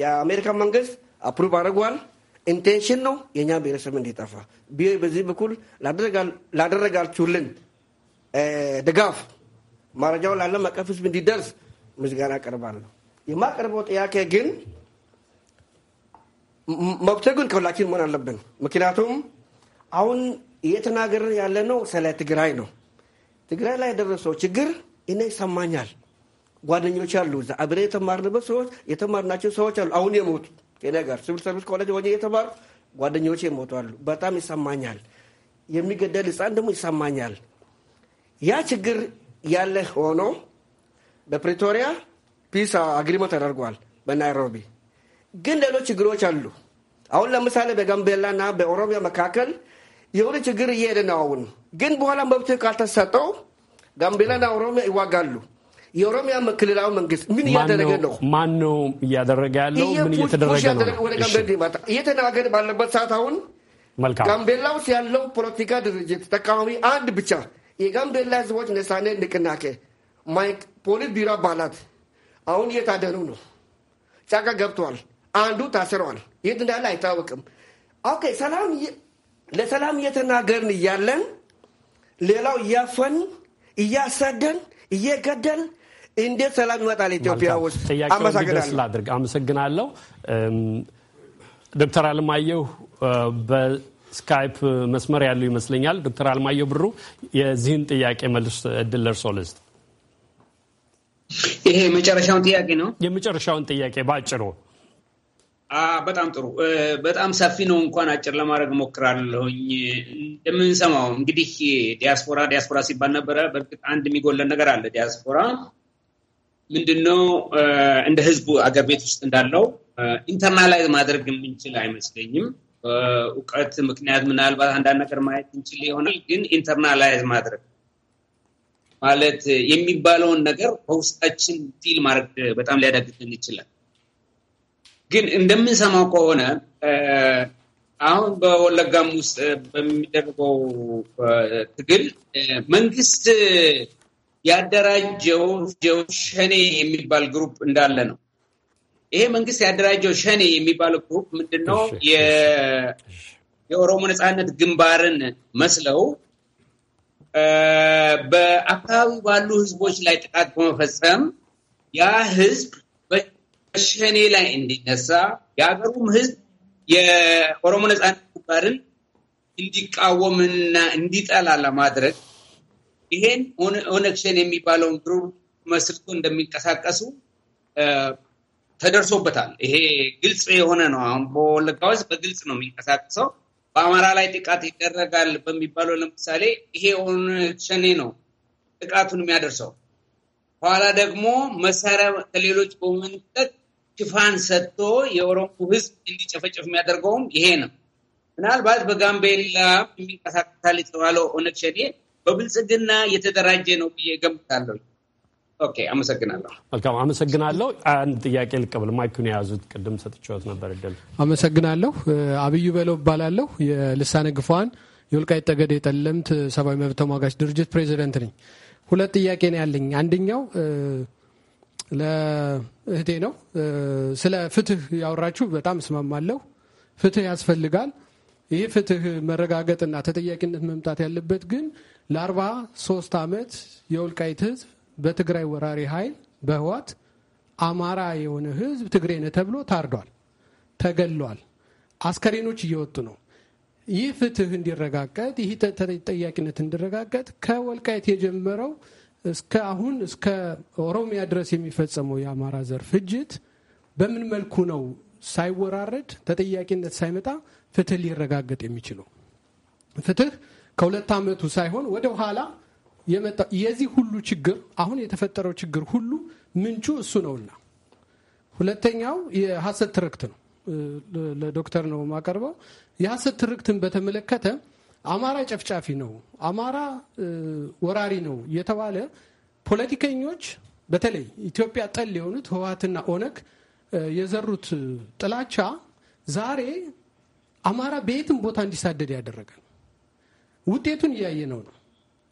የአሜሪካ መንግስት አፕሩቭ አድርጓል። ኢንቴንሽን ነው የእኛ ብሔረሰብ እንዲጠፋ። በዚህ በኩል ላደረጋችሁልን ድጋፍ ማረጃው ላለ መቀፍ ህዝብ እንዲደርስ ምስጋና አቀርባለሁ። የማቀርበው ጥያቄ ግን መብት ግን ከሁላችን መሆን አለብን። ምክንያቱም አሁን እየተናገርን ያለ ነው ስለ ትግራይ ነው። ትግራይ ላይ የደረሰው ችግር እኔ ይሰማኛል። ጓደኞች አሉ፣ አብረን የተማርንበት ሰዎች የተማርናቸው ሰዎች አሉ፣ አሁን የሞቱ ከኔ ጋር ሲቪል ሰርቪስ ኮሌጅ ወ የተማሩ ጓደኞቼ ይሞቷሉ። በጣም ይሰማኛል። የሚገደል ህፃን ደግሞ ይሰማኛል። ያ ችግር ያለ ሆኖ በፕሪቶሪያ ፒስ አግሪመንት ተደርጓል። በናይሮቢ ግን ሌሎች ችግሮች አሉ። አሁን ለምሳሌ በጋምቤላ በጋምቤላና በኦሮሚያ መካከል የሆነ ችግር እየሄደ ነው። አሁን ግን በኋላ መብት ካልተሰጠው ጋምቤላና ኦሮሚያ ይዋጋሉ። የኦሮሚያ ክልላዊ መንግስት ምን እያደረገ ነው? ማን ነው እያደረገ ያለው? ምን እየተደረገ ነው? እየተናገር ባለበት ሰዓት አሁን ጋምቤላ ውስጥ ያለው ፖለቲካ ድርጅት ተቃዋሚ አንድ ብቻ የጋምቤላ ህዝቦች ነሳኔ ንቅናቄ ማይክ ፖሊስ ቢሮ አባላት አሁን እየታደኑ ነው። ጫካ ገብተዋል። አንዱ ታስረዋል። የት እንዳለ አይታወቅም። ኦኬ ሰላም ለሰላም እየተናገርን እያለን ሌላው እያፈን እያሳደን እየገደል እንዴት ሰላም ይመጣል ኢትዮጵያ ውስጥ? አመሰግናለሁ። አመሰግናለሁ ዶክተር አለማየሁ በስካይፕ መስመር ያሉ ይመስለኛል። ዶክተር አለማየሁ ብሩ የዚህን ጥያቄ መልስ እድል ለእርስዎ ልስጥ። ይሄ የመጨረሻውን ጥያቄ ነው። የመጨረሻውን ጥያቄ በአጭሩ በጣም ጥሩ። በጣም ሰፊ ነው። እንኳን አጭር ለማድረግ ሞክራለሁኝ። እንደምንሰማው እንግዲህ ዲያስፖራ ዲያስፖራ ሲባል ነበረ። በእርግጥ አንድ የሚጎለን ነገር አለ። ዲያስፖራ ምንድነው እንደ ህዝቡ አገር ቤት ውስጥ እንዳለው ኢንተርናላይዝ ማድረግ የምንችል አይመስለኝም። እውቀት ምክንያት ምናልባት አንዳንድ ነገር ማየት እንችል ይሆናል፣ ግን ኢንተርናላይዝ ማድረግ ማለት የሚባለውን ነገር በውስጣችን ፊል ማድረግ በጣም ሊያዳግተን ይችላል። ግን እንደምንሰማው ከሆነ አሁን በወለጋም ውስጥ በሚደረገው ትግል መንግስት ያደራጀው ሸኔ የሚባል ግሩፕ እንዳለ ነው። ይሄ መንግስት ያደራጀው ሸኔ የሚባል ግሩፕ ምንድነው? የኦሮሞ ነፃነት ግንባርን መስለው በአካባቢ ባሉ ህዝቦች ላይ ጥቃት በመፈጸም ያ ህዝብ በሸኔ ላይ እንዲነሳ የሀገሩም ህዝብ የኦሮሞ ነፃነት ግንባርን እንዲቃወምና እንዲጠላ ለማድረግ ይሄን ኦነግሸን የሚባለውን ግሩፕ መስርቶ እንደሚንቀሳቀሱ ተደርሶበታል። ይሄ ግልጽ የሆነ ነው። አሁን በወለጋ ውስጥ በግልጽ ነው የሚንቀሳቀሰው። በአማራ ላይ ጥቃት ይደረጋል በሚባለው ለምሳሌ ይሄ ኦነግሸኔ ነው ጥቃቱን የሚያደርሰው። በኋላ ደግሞ መሳሪያ ከሌሎች በመንጠቅ ሽፋን ሰጥቶ የኦሮሞ ህዝብ እንዲጨፈጨፍ የሚያደርገውም ይሄ ነው። ምናልባት በጋምቤላ የሚንቀሳቀሳል የተባለው ኦነግ ሸኔ በብልጽግና የተደራጀ ነው ብዬ ገምታለሁ። ኦኬ፣ አመሰግናለሁ። መልካም አመሰግናለሁ። አንድ ጥያቄ ልቀብል፣ ማይኩን የያዙት ቅድም ሰጥቼዎት ነበር እድል። አመሰግናለሁ። አብዩ በለው እባላለሁ። የልሳነ ግፏን የወልቃይት ጠገዴ የጠለምት ሰብአዊ መብት ተሟጋች ድርጅት ፕሬዚደንት ነኝ። ሁለት ጥያቄ ነው ያለኝ። አንደኛው ለእህቴ ነው። ስለ ፍትህ ያወራችሁ በጣም እስማማለሁ። ፍትህ ያስፈልጋል። ይህ ፍትህ መረጋገጥና ተጠያቂነት መምጣት ያለበት ግን ለአርባ ሶስት ዓመት የወልቃይት ህዝብ በትግራይ ወራሪ ኃይል በህዋት አማራ የሆነ ህዝብ ትግሬ ነ ተብሎ ታርዷል፣ ተገሏል፣ አስከሬኖች እየወጡ ነው። ይህ ፍትህ እንዲረጋገጥ፣ ይህ ተጠያቂነት እንዲረጋገጥ ከወልቃይት የጀመረው እስከ አሁን እስከ ኦሮሚያ ድረስ የሚፈጸመው የአማራ ዘር ፍጅት በምን መልኩ ነው ሳይወራረድ ተጠያቂነት ሳይመጣ ፍትህ ሊረጋገጥ የሚችለው ፍትህ ከሁለት ዓመቱ ሳይሆን ወደ ኋላ የመጣ የዚህ ሁሉ ችግር አሁን የተፈጠረው ችግር ሁሉ ምንቹ እሱ ነውና፣ ሁለተኛው የሐሰት ትርክት ነው። ለዶክተር ነው የማቀርበው። የሐሰት ትርክትን በተመለከተ አማራ ጨፍጫፊ ነው፣ አማራ ወራሪ ነው የተባለ ፖለቲከኞች በተለይ ኢትዮጵያ ጠል የሆኑት ህወሓትና ኦነግ የዘሩት ጥላቻ ዛሬ አማራ በየትም ቦታ እንዲሳደድ ያደረገን ውጤቱን እያየነው ነው።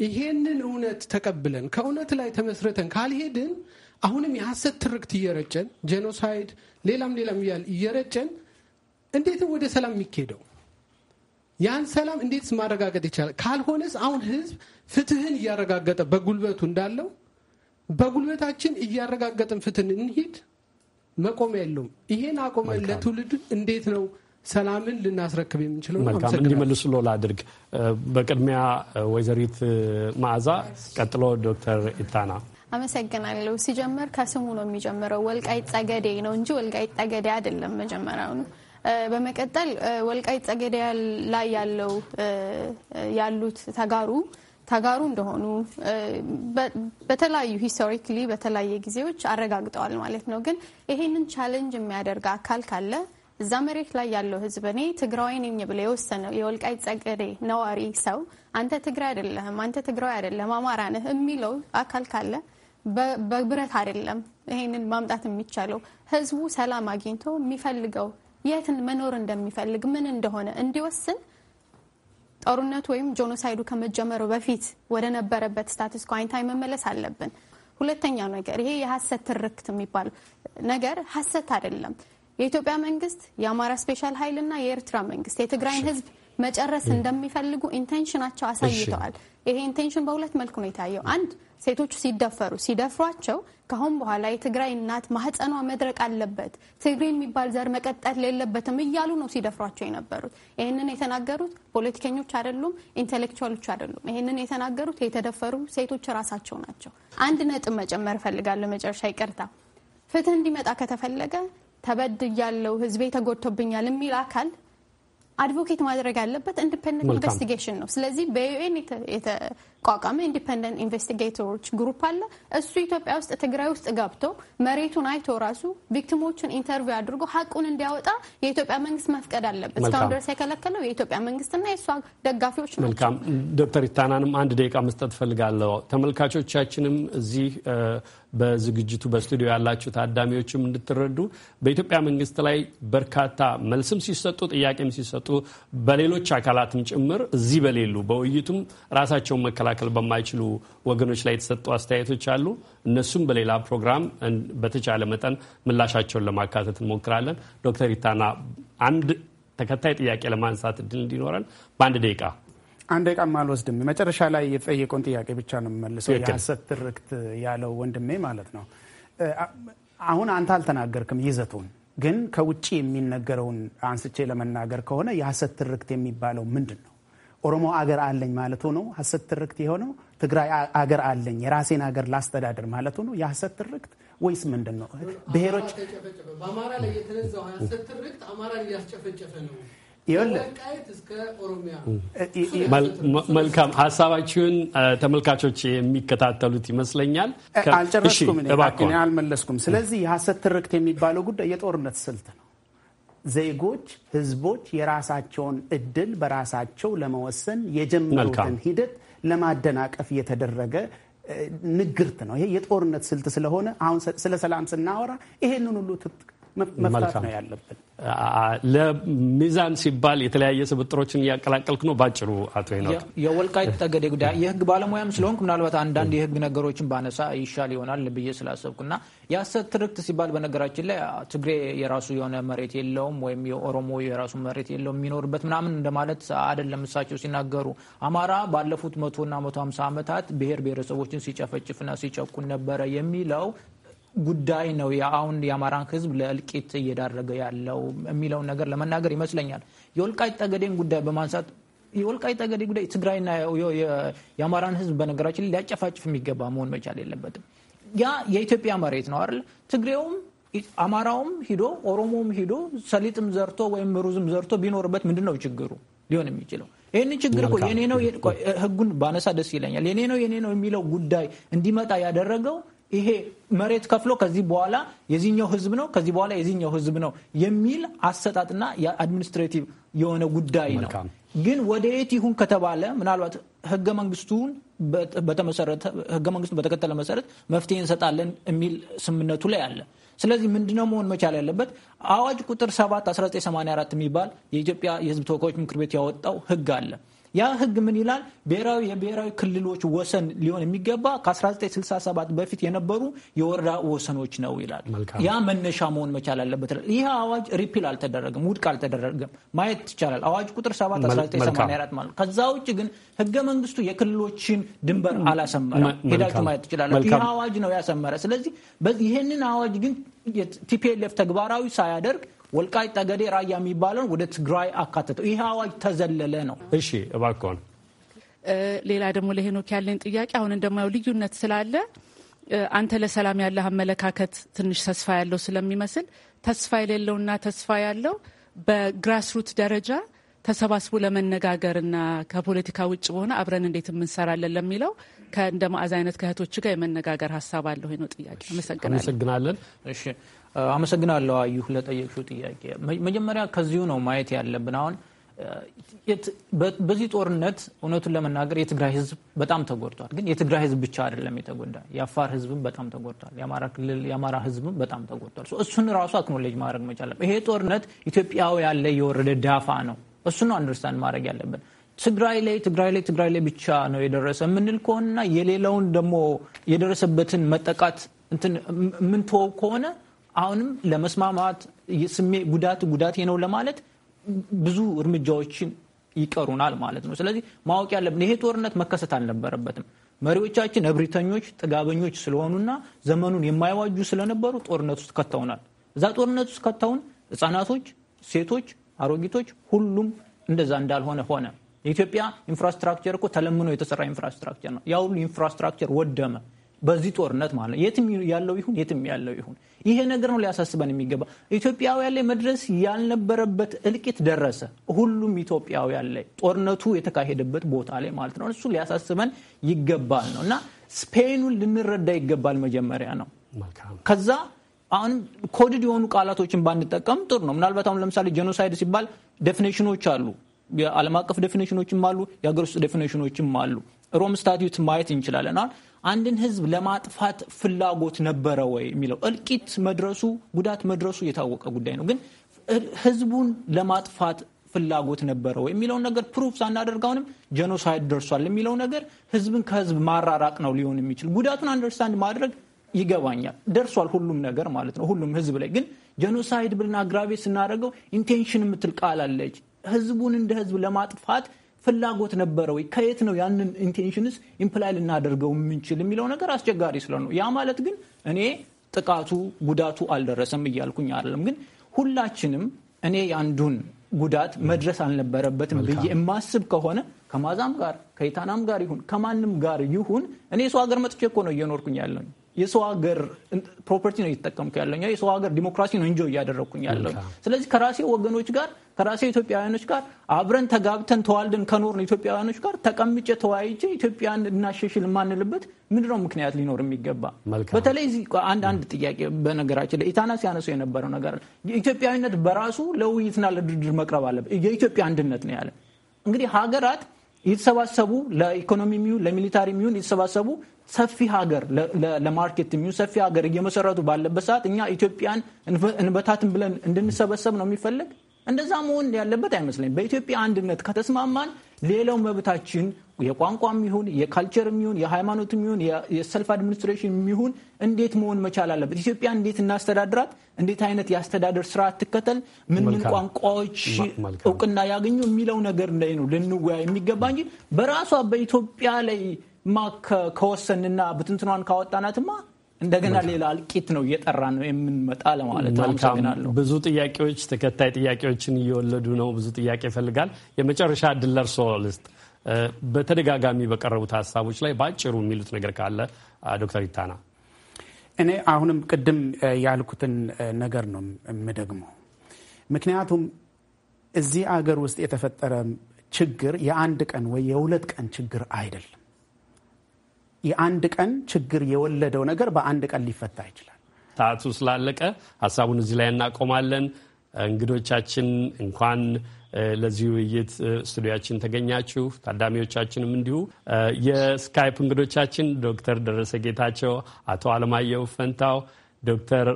ይሄንን እውነት ተቀብለን ከእውነት ላይ ተመስርተን ካልሄድን አሁንም የሐሰት ትርክት እየረጨን ጄኖሳይድ፣ ሌላም ሌላም እያል እየረጨን እንዴትም ወደ ሰላም የሚካሄደው ያን ሰላም እንዴትስ ማረጋገጥ ይቻላል? ካልሆነስ አሁን ህዝብ ፍትህን እያረጋገጠ በጉልበቱ እንዳለው በጉልበታችን እያረጋገጥን ፍትህን እንሂድ መቆሚያ የለውም። ይሄን አቆመን ለትውልድ እንዴት ነው ሰላምን ልናስረክብ የምንችለው። መልካም እንዲመልሱ ሎ ላድርግ። በቅድሚያ ወይዘሪት መዓዛ፣ ቀጥሎ ዶክተር ኢታና። አመሰግናለሁ። ሲጀመር ከስሙ ነው የሚጀምረው። ወልቃይት ጸገዴ ነው እንጂ ወልቃይት ጠገዴ አይደለም መጀመሪያው ነው። በመቀጠል ወልቃይት ጸገዴ ላይ ያለው ያሉት ተጋሩ ተጋሩ እንደሆኑ በተለያዩ ሂስቶሪካሊ በተለያየ ጊዜዎች አረጋግጠዋል ማለት ነው። ግን ይሄንን ቻሌንጅ የሚያደርግ አካል ካለ እዛ መሬት ላይ ያለው ህዝብ እኔ ትግራዊ ነኝ ብለ የወሰነ የወልቃይ ጸገዴ ነዋሪ ሰው አንተ ትግራይ አይደለህም፣ አንተ ትግራዊ አይደለም፣ አማራ ነህ የሚለው አካል ካለ በብረት አይደለም ይሄንን ማምጣት የሚቻለው። ህዝቡ ሰላም አግኝቶ የሚፈልገው የትን መኖር እንደሚፈልግ ምን እንደሆነ እንዲወስን ጦርነቱ ወይም ጆኖሳይዱ ከመጀመሩ በፊት ወደ ነበረበት ስታትስ ኮ አይንታይ መመለስ አለብን። ሁለተኛው ነገር ይሄ የሀሰት ትርክት የሚባለው ነገር ሀሰት አይደለም። የኢትዮጵያ መንግስት የአማራ ስፔሻል ኃይልና የኤርትራ መንግስት የትግራይን ህዝብ መጨረስ እንደሚፈልጉ ኢንቴንሽናቸው አሳይተዋል። ይሄ ኢንቴንሽን በሁለት መልኩ ነው የታየው። አንድ ሴቶቹ ሲደፈሩ ሲደፍሯቸው ከአሁን በኋላ የትግራይ እናት ማህፀኗ መድረቅ አለበት፣ ትግሬ የሚባል ዘር መቀጠል የለበትም እያሉ ነው ሲደፍሯቸው የነበሩት። ይህንን የተናገሩት ፖለቲከኞች አይደሉም፣ ኢንቴሌክቹዋሎች አይደሉም። ይህንን የተናገሩት የተደፈሩ ሴቶች ራሳቸው ናቸው። አንድ ነጥብ መጨመር እፈልጋለሁ። መጨረሻ ይቅርታ ፍትህ እንዲመጣ ከተፈለገ ተበድያለሁ፣ ህዝቤ ተጎድቶብኛል የሚል አካል አድቮኬት ማድረግ ያለበት ኢንዲፔንደንት ኢንቨስቲጌሽን ነው። ስለዚህ በዩኤን ቋቋሚ ኢንዲፐንደንት ኢንቨስቲጌተሮች ግሩፕ አለ። እሱ ኢትዮጵያ ውስጥ ትግራይ ውስጥ ገብቶ መሬቱን አይቶ ራሱ ቪክቲሞቹን ኢንተርቪው አድርጎ ሀቁን እንዲያወጣ የኢትዮጵያ መንግስት መፍቀድ አለበት። እስካሁን ድረስ የከለከለው የኢትዮጵያ መንግስትና የእሷ ደጋፊዎች ናቸው። መልካም ዶክተር ኢታናንም አንድ ደቂቃ መስጠት ፈልጋለሁ። ተመልካቾቻችንም እዚህ በዝግጅቱ በስቱዲዮ ያላችሁ ታዳሚዎችም እንድትረዱ በኢትዮጵያ መንግስት ላይ በርካታ መልስም ሲሰጡ ጥያቄም ሲሰጡ በሌሎች አካላትም ጭምር እዚህ በሌሉ በውይይቱም ራሳቸውን መከላከል መከላከል በማይችሉ ወገኖች ላይ የተሰጡ አስተያየቶች አሉ። እነሱም በሌላ ፕሮግራም በተቻለ መጠን ምላሻቸውን ለማካተት እንሞክራለን። ዶክተር ኢታና አንድ ተከታይ ጥያቄ ለማንሳት እድል እንዲኖረን በአንድ ደቂቃ አንድ ደቂቃም አልወስድም። መጨረሻ ላይ የተጠየቀውን ጥያቄ ብቻ ነው የምመልሰው። የሀሰት ትርክት ያለው ወንድሜ ማለት ነው። አሁን አንተ አልተናገርክም ይዘቱን ግን ከውጭ የሚነገረውን አንስቼ ለመናገር ከሆነ የሀሰት ትርክት የሚባለው ምንድን ነው? ኦሮሞ አገር አለኝ ማለቱ ነው። ሀሰት ትርክት የሆነው ትግራይ አገር አለኝ የራሴን አገር ላስተዳድር ማለቱ ነው የሀሰት ትርክት ወይስ ምንድን ነው? ብሔሮች በአማራ ላይ የተነዛው ሀሰት ትርክት አማራን እያስጨፈጨፈ ነው። መልካም ሀሳባችሁን ተመልካቾች የሚከታተሉት ይመስለኛል። አልጨረስኩም፣ አልመለስኩም። ስለዚህ የሀሰት ትርክት የሚባለው ጉዳይ የጦርነት ስልት ነው። ዜጎች፣ ህዝቦች የራሳቸውን እድል በራሳቸው ለመወሰን የጀመሩትን ሂደት ለማደናቀፍ እየተደረገ ንግርት ነው። ይሄ የጦርነት ስልት ስለሆነ አሁን ስለ ሰላም ስናወራ ይሄንን ሁሉ ትጥቅ መፍታት ነው ያለብን። ለሚዛን ሲባል የተለያየ ስብጥሮችን እያቀላቀልክ ነው ባጭሩ። አቶ ሄኖክ የወልቃይት ጠገዴ ጉዳይ የህግ ባለሙያም ስለሆንክ ምናልባት አንዳንድ የህግ ነገሮችን ባነሳ ይሻል ይሆናል ብዬ ስላሰብኩና የሀሰት ትርክት ሲባል በነገራችን ላይ ትግሬ የራሱ የሆነ መሬት የለውም ወይም የኦሮሞ የራሱ መሬት የለውም የሚኖርበት ምናምን እንደማለት አይደለም። እሳቸው ሲናገሩ አማራ ባለፉት መቶና መቶ ሀምሳ ዓመታት ብሔር ብሔረሰቦችን ሲጨፈጭፍና ሲጨቁን ነበረ የሚለው ጉዳይ ነው የአሁን የአማራን ህዝብ ለእልቂት እየዳረገ ያለው የሚለውን ነገር ለመናገር ይመስለኛል። የወልቃይት ጠገዴን ጉዳይ በማንሳት የወልቃይት ጠገዴ ጉዳይ ትግራይና የአማራን ህዝብ በነገራችን ሊያጨፋጭፍ የሚገባ መሆን መቻል የለበትም። ያ የኢትዮጵያ መሬት ነው አይደል? ትግሬውም አማራውም ሂዶ ኦሮሞውም ሂዶ ሰሊጥም ዘርቶ ወይም ሩዝም ዘርቶ ቢኖርበት ምንድን ነው ችግሩ ሊሆን የሚችለው? ይህንን ችግር እኮ የኔ ነው ህጉን ባነሳ ደስ ይለኛል። የኔ ነው የኔ ነው የሚለው ጉዳይ እንዲመጣ ያደረገው ይሄ መሬት ከፍሎ ከዚህ በኋላ የዚህኛው ህዝብ ነው ከዚህ በኋላ የዚህኛው ህዝብ ነው የሚል አሰጣጥና የአድሚኒስትሬቲቭ የሆነ ጉዳይ ነው። ግን ወደ የት ይሁን ከተባለ ምናልባት ህገ መንግስቱን በተመሰረተ ህገ መንግስቱን በተከተለ መሰረት መፍትሄ እንሰጣለን የሚል ስምምነቱ ላይ አለ። ስለዚህ ምንድነው መሆን መቻል ያለበት? አዋጅ ቁጥር 7 1984 የሚባል የኢትዮጵያ የህዝብ ተወካዮች ምክር ቤት ያወጣው ህግ አለ። ያ ህግ ምን ይላል? ብሔራዊ የብሔራዊ ክልሎች ወሰን ሊሆን የሚገባ ከ1967 በፊት የነበሩ የወረዳ ወሰኖች ነው ይላል። ያ መነሻ መሆን መቻል አለበት። ይህ አዋጅ ሪፒል አልተደረገም፣ ውድቅ አልተደረገም። ማየት ይቻላል። አዋጅ ቁጥር 7 1984 ማለት ነው። ከዛ ውጭ ግን ህገ መንግስቱ የክልሎችን ድንበር አላሰመረም። ሄዳችሁ ማየት ትችላለች። ይህ አዋጅ ነው ያሰመረ። ስለዚህ ይህንን አዋጅ ግን ቲፒኤልኤፍ ተግባራዊ ሳያደርግ ወልቃይ ጠገዴ፣ ራያ የሚባለውን ወደ ትግራይ አካተተው ይህ አዋጅ ተዘለለ ነው። እሺ እባክዎን። ሌላ ደግሞ ለሄኖክ ያለኝ ጥያቄ አሁን እንደማየው ልዩነት ስላለ አንተ ለሰላም ያለህ አመለካከት ትንሽ ተስፋ ያለው ስለሚመስል ተስፋ የሌለውና ተስፋ ያለው በግራስሩት ደረጃ ተሰባስቦ ለመነጋገርና ከፖለቲካ ውጭ በሆነ አብረን እንዴት የምንሰራለን ለሚለው እንደ መዓዛ አይነት ከእህቶች ጋር የመነጋገር ሀሳብ አለሁ ነው ጥያቄ። አመሰግናለን። እሺ አመሰግናለሁ አዩ ለጠየቅሽው ጥያቄ። መጀመሪያ ከዚሁ ነው ማየት ያለብን አሁን በዚህ ጦርነት እውነቱን ለመናገር የትግራይ ህዝብ በጣም ተጎድቷል። ግን የትግራይ ህዝብ ብቻ አይደለም የተጎዳ የአፋር ህዝብም በጣም ተጎድቷል። የአማራ ክልል የአማራ ህዝብም በጣም ተጎድቷል። እሱን ራሱ አክኖሌጅ ማድረግ መቻለም። ይሄ ጦርነት ኢትዮጵያዊ ያለ የወረደ ዳፋ ነው። እሱን ነው አንደርስታንድ ማድረግ ያለብን። ትግራይ ላይ ትግራይ ላይ ትግራይ ላይ ብቻ ነው የደረሰ የምንል ከሆነና የሌላውን ደግሞ የደረሰበትን መጠቃት የምንተወው ከሆነ አሁንም ለመስማማት ስሜ ጉዳት ጉዳቴ ነው ለማለት ብዙ እርምጃዎችን ይቀሩናል ማለት ነው። ስለዚህ ማወቅ ያለብን ይሄ ጦርነት መከሰት አልነበረበትም። መሪዎቻችን እብሪተኞች፣ ጥጋበኞች ስለሆኑና ዘመኑን የማይዋጁ ስለነበሩ ጦርነት ውስጥ ከተውናል። እዛ ጦርነት ውስጥ ከተውን ህጻናቶች፣ ሴቶች፣ አሮጊቶች ሁሉም እንደዛ እንዳልሆነ ሆነ። የኢትዮጵያ ኢንፍራስትራክቸር እኮ ተለምኖ የተሰራ ኢንፍራስትራክቸር ነው። ያ ሁሉ ኢንፍራስትራክቸር ወደመ በዚህ ጦርነት ማለት ነው። የትም ያለው ይሁን የትም ያለው ይሁን ይሄ ነገር ነው ሊያሳስበን የሚገባ። ኢትዮጵያውያን ላይ መድረስ ያልነበረበት እልቂት ደረሰ። ሁሉም ኢትዮጵያውያን ላይ ጦርነቱ የተካሄደበት ቦታ ላይ ማለት ነው። እሱ ሊያሳስበን ይገባል ነው እና ስፔኑን ልንረዳ ይገባል መጀመሪያ ነው። ከዛ አሁን ኮድድ የሆኑ ቃላቶችን ባንጠቀም ጥሩ ነው። ምናልባት አሁን ለምሳሌ ጄኖሳይድ ሲባል ዴፊኔሽኖች አሉ የዓለም አቀፍ ዴፊኔሽኖችም አሉ፣ የሀገር ውስጥ ዴፊኔሽኖችም አሉ። ሮም ስታትዩት ማየት እንችላለን። አንድን ህዝብ ለማጥፋት ፍላጎት ነበረ ወይ የሚለው እልቂት መድረሱ ጉዳት መድረሱ የታወቀ ጉዳይ ነው። ግን ህዝቡን ለማጥፋት ፍላጎት ነበረ ወይ የሚለውን ነገር ፕሩፍ ሳናደርግ አሁንም ጀኖሳይድ ደርሷል የሚለው ነገር ህዝብን ከህዝብ ማራራቅ ነው ሊሆን የሚችል ጉዳቱን አንደርስታንድ ማድረግ ይገባኛል። ደርሷል ሁሉም ነገር ማለት ነው ሁሉም ህዝብ ላይ ግን ጀኖሳይድ ብለን አግራቤ ስናደርገው ኢንቴንሽን የምትል ቃል አለች ህዝቡን እንደ ህዝብ ለማጥፋት ፍላጎት ነበረ ወይ? ከየት ነው ያንን ኢንቴንሽንስ ኢምፕላይ ልናደርገው የምንችል የሚለው ነገር አስቸጋሪ ስለ ያ ማለት ግን እኔ ጥቃቱ ጉዳቱ አልደረሰም እያልኩኝ አይደለም። ግን ሁላችንም እኔ ያንዱን ጉዳት መድረስ አልነበረበትም ብዬ የማስብ ከሆነ ከማዛም ጋር ከይታናም ጋር ይሁን ከማንም ጋር ይሁን እኔ የሰው ሀገር መጥቼ እኮ ነው እየኖርኩኝ ያለኝ የሰው ሀገር ፕሮፐርቲ ነው እየተጠቀምኩ ያለው የሰው ሀገር ዲሞክራሲ ነው እንጆ እያደረግኩኝ ያለው። ስለዚህ ከራሴ ወገኖች ጋር ከራሴ ኢትዮጵያውያኖች ጋር አብረን ተጋብተን ተዋልደን ከኖርን ኢትዮጵያውያኖች ጋር ተቀምጬ ተወያይቼ ኢትዮጵያን እናሸሽል የማንልበት ምንድነው ምክንያት ሊኖር የሚገባ በተለይ አንድ አንድ ጥያቄ በነገራችን ላይ ኢታና ሲያነሱ የነበረው ነገር ኢትዮጵያዊነት በራሱ ለውይይትና ለድርድር መቅረብ አለበት። የኢትዮጵያ አንድነት ነው ያለ እንግዲህ ሀገራት የተሰባሰቡ ለኢኮኖሚ ሚሆን ለሚሊታሪ ሚሆን የተሰባሰቡ ሰፊ ሀገር ለማርኬት የሚሆን ሰፊ ሀገር እየመሰረቱ ባለበት ሰዓት እኛ ኢትዮጵያን እንበታትን ብለን እንድንሰበሰብ ነው የሚፈለግ እንደዛ መሆን ያለበት አይመስለኝ። በኢትዮጵያ አንድነት ከተስማማን ሌላው መብታችን የቋንቋም ይሁን የካልቸር ይሁን የሃይማኖት ይሁን የሰልፍ አድሚኒስትሬሽን ይሁን እንዴት መሆን መቻል አለበት። ኢትዮጵያ እንዴት እናስተዳድራት፣ እንዴት አይነት የአስተዳደር ስርዓት ትከተል፣ ምን ምን ቋንቋዎች እውቅና ያገኙ የሚለው ነገር ላይ ነው ልንወያ የሚገባ እንጂ በራሷ በኢትዮጵያ ላይ ማ ከወሰንና ብትንትኗን ካወጣናትማ እንደገና ሌላ አልቂት ነው እየጠራ ነው የምንመጣ ለማለት አመሰግናለሁ። ብዙ ጥያቄዎች ተከታይ ጥያቄዎችን እየወለዱ ነው። ብዙ ጥያቄ ይፈልጋል። የመጨረሻ እድል ለእርስዎ ልስጥ። በተደጋጋሚ በቀረቡት ሀሳቦች ላይ በአጭሩ የሚሉት ነገር ካለ ዶክተር ይታና። እኔ አሁንም ቅድም ያልኩትን ነገር ነው የምደግመው። ምክንያቱም እዚህ አገር ውስጥ የተፈጠረ ችግር የአንድ ቀን ወይ የሁለት ቀን ችግር አይደለም። የአንድ ቀን ችግር የወለደው ነገር በአንድ ቀን ሊፈታ ይችላል። ሰዓቱ ስላለቀ ሀሳቡን እዚህ ላይ እናቆማለን። እንግዶቻችን እንኳን ለዚህ ውይይት ስቱዲያችን ተገኛችሁ፣ ታዳሚዎቻችንም እንዲሁ። የስካይፕ እንግዶቻችን ዶክተር ደረሰ ጌታቸው፣ አቶ አለማየሁ ፈንታው፣ ዶክተር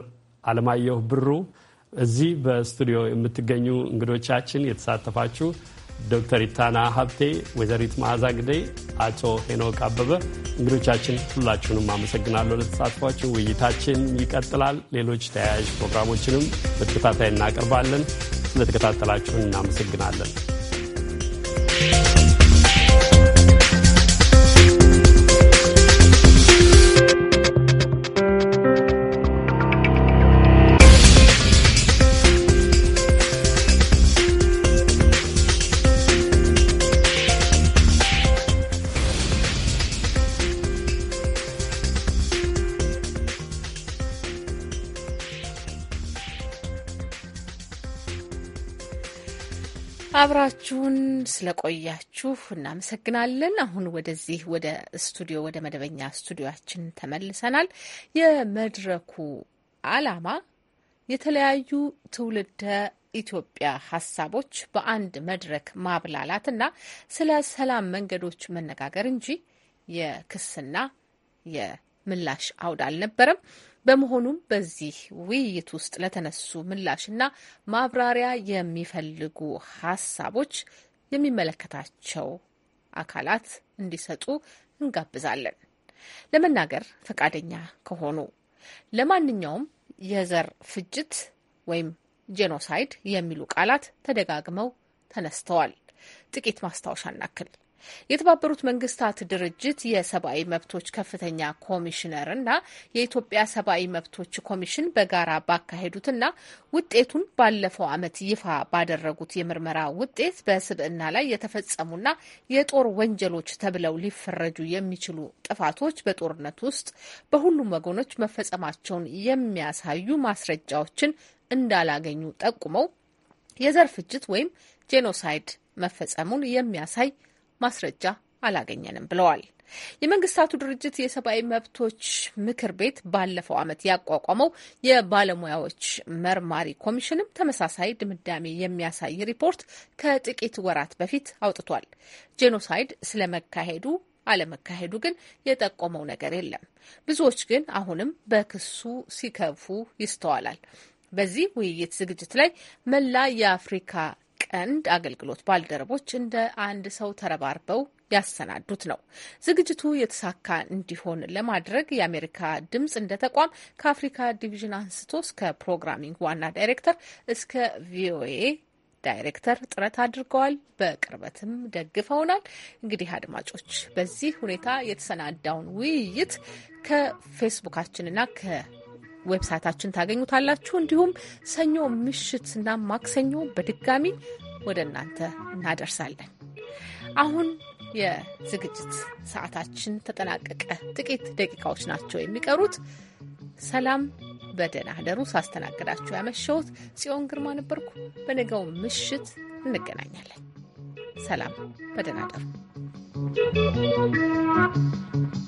አለማየሁ ብሩ፣ እዚህ በስቱዲዮ የምትገኙ እንግዶቻችን የተሳተፋችሁ ዶክተር ኢታና ሀብቴ፣ ወይዘሪት መዓዛ ግዴ፣ አቶ ሄኖክ አበበ እንግዶቻችን ሁላችሁንም አመሰግናለሁ ለተሳትፏችሁ። ውይይታችን ይቀጥላል። ሌሎች ተያያዥ ፕሮግራሞችንም በተከታታይ እናቀርባለን። ስለተከታተላችሁን እናመሰግናለን። አብራችሁን ስለቆያችሁ እናመሰግናለን። አሁን ወደዚህ ወደ ስቱዲዮ ወደ መደበኛ ስቱዲዮችን ተመልሰናል። የመድረኩ ዓላማ የተለያዩ ትውልደ ኢትዮጵያ ሀሳቦች በአንድ መድረክ ማብላላትና ስለ ሰላም መንገዶች መነጋገር እንጂ የክስና የምላሽ አውድ አልነበረም። በመሆኑም በዚህ ውይይት ውስጥ ለተነሱ ምላሽና ማብራሪያ የሚፈልጉ ሀሳቦች የሚመለከታቸው አካላት እንዲሰጡ እንጋብዛለን። ለመናገር ፈቃደኛ ከሆኑ ለማንኛውም የዘር ፍጅት ወይም ጄኖሳይድ የሚሉ ቃላት ተደጋግመው ተነስተዋል። ጥቂት ማስታወሻ እናክል። የተባበሩት መንግስታት ድርጅት የሰብአዊ መብቶች ከፍተኛ ኮሚሽነር እና የኢትዮጵያ ሰብአዊ መብቶች ኮሚሽን በጋራ ባካሄዱትና ውጤቱን ባለፈው ዓመት ይፋ ባደረጉት የምርመራ ውጤት በስብዕና ላይ የተፈጸሙና የጦር ወንጀሎች ተብለው ሊፈረጁ የሚችሉ ጥፋቶች በጦርነት ውስጥ በሁሉም ወገኖች መፈጸማቸውን የሚያሳዩ ማስረጃዎችን እንዳላገኙ ጠቁመው የዘር ፍጅት ወይም ጄኖሳይድ መፈጸሙን የሚያሳይ ማስረጃ አላገኘንም ብለዋል። የመንግስታቱ ድርጅት የሰብአዊ መብቶች ምክር ቤት ባለፈው ዓመት ያቋቋመው የባለሙያዎች መርማሪ ኮሚሽንም ተመሳሳይ ድምዳሜ የሚያሳይ ሪፖርት ከጥቂት ወራት በፊት አውጥቷል። ጄኖሳይድ ስለመካሄዱ አለመካሄዱ ግን የጠቆመው ነገር የለም። ብዙዎች ግን አሁንም በክሱ ሲከፉ ይስተዋላል። በዚህ ውይይት ዝግጅት ላይ መላ የአፍሪካ ቀንድ አገልግሎት ባልደረቦች እንደ አንድ ሰው ተረባርበው ያሰናዱት ነው። ዝግጅቱ የተሳካ እንዲሆን ለማድረግ የአሜሪካ ድምጽ እንደ ተቋም ከአፍሪካ ዲቪዥን አንስቶ እስከ ፕሮግራሚንግ ዋና ዳይሬክተር እስከ ቪኦኤ ዳይሬክተር ጥረት አድርገዋል። በቅርበትም ደግፈውናል። እንግዲህ አድማጮች በዚህ ሁኔታ የተሰናዳውን ውይይት ከፌስቡካችንና ከ ዌብሳይታችን ታገኙታላችሁ። እንዲሁም ሰኞ ምሽትና ማክሰኞ በድጋሚ ወደ እናንተ እናደርሳለን። አሁን የዝግጅት ሰዓታችን ተጠናቀቀ። ጥቂት ደቂቃዎች ናቸው የሚቀሩት። ሰላም በደህና እደሩ። ሳስተናግዳችሁ ያመሸሁት ጽዮን ግርማ ነበርኩ። በነገው ምሽት እንገናኛለን። ሰላም በደህና you.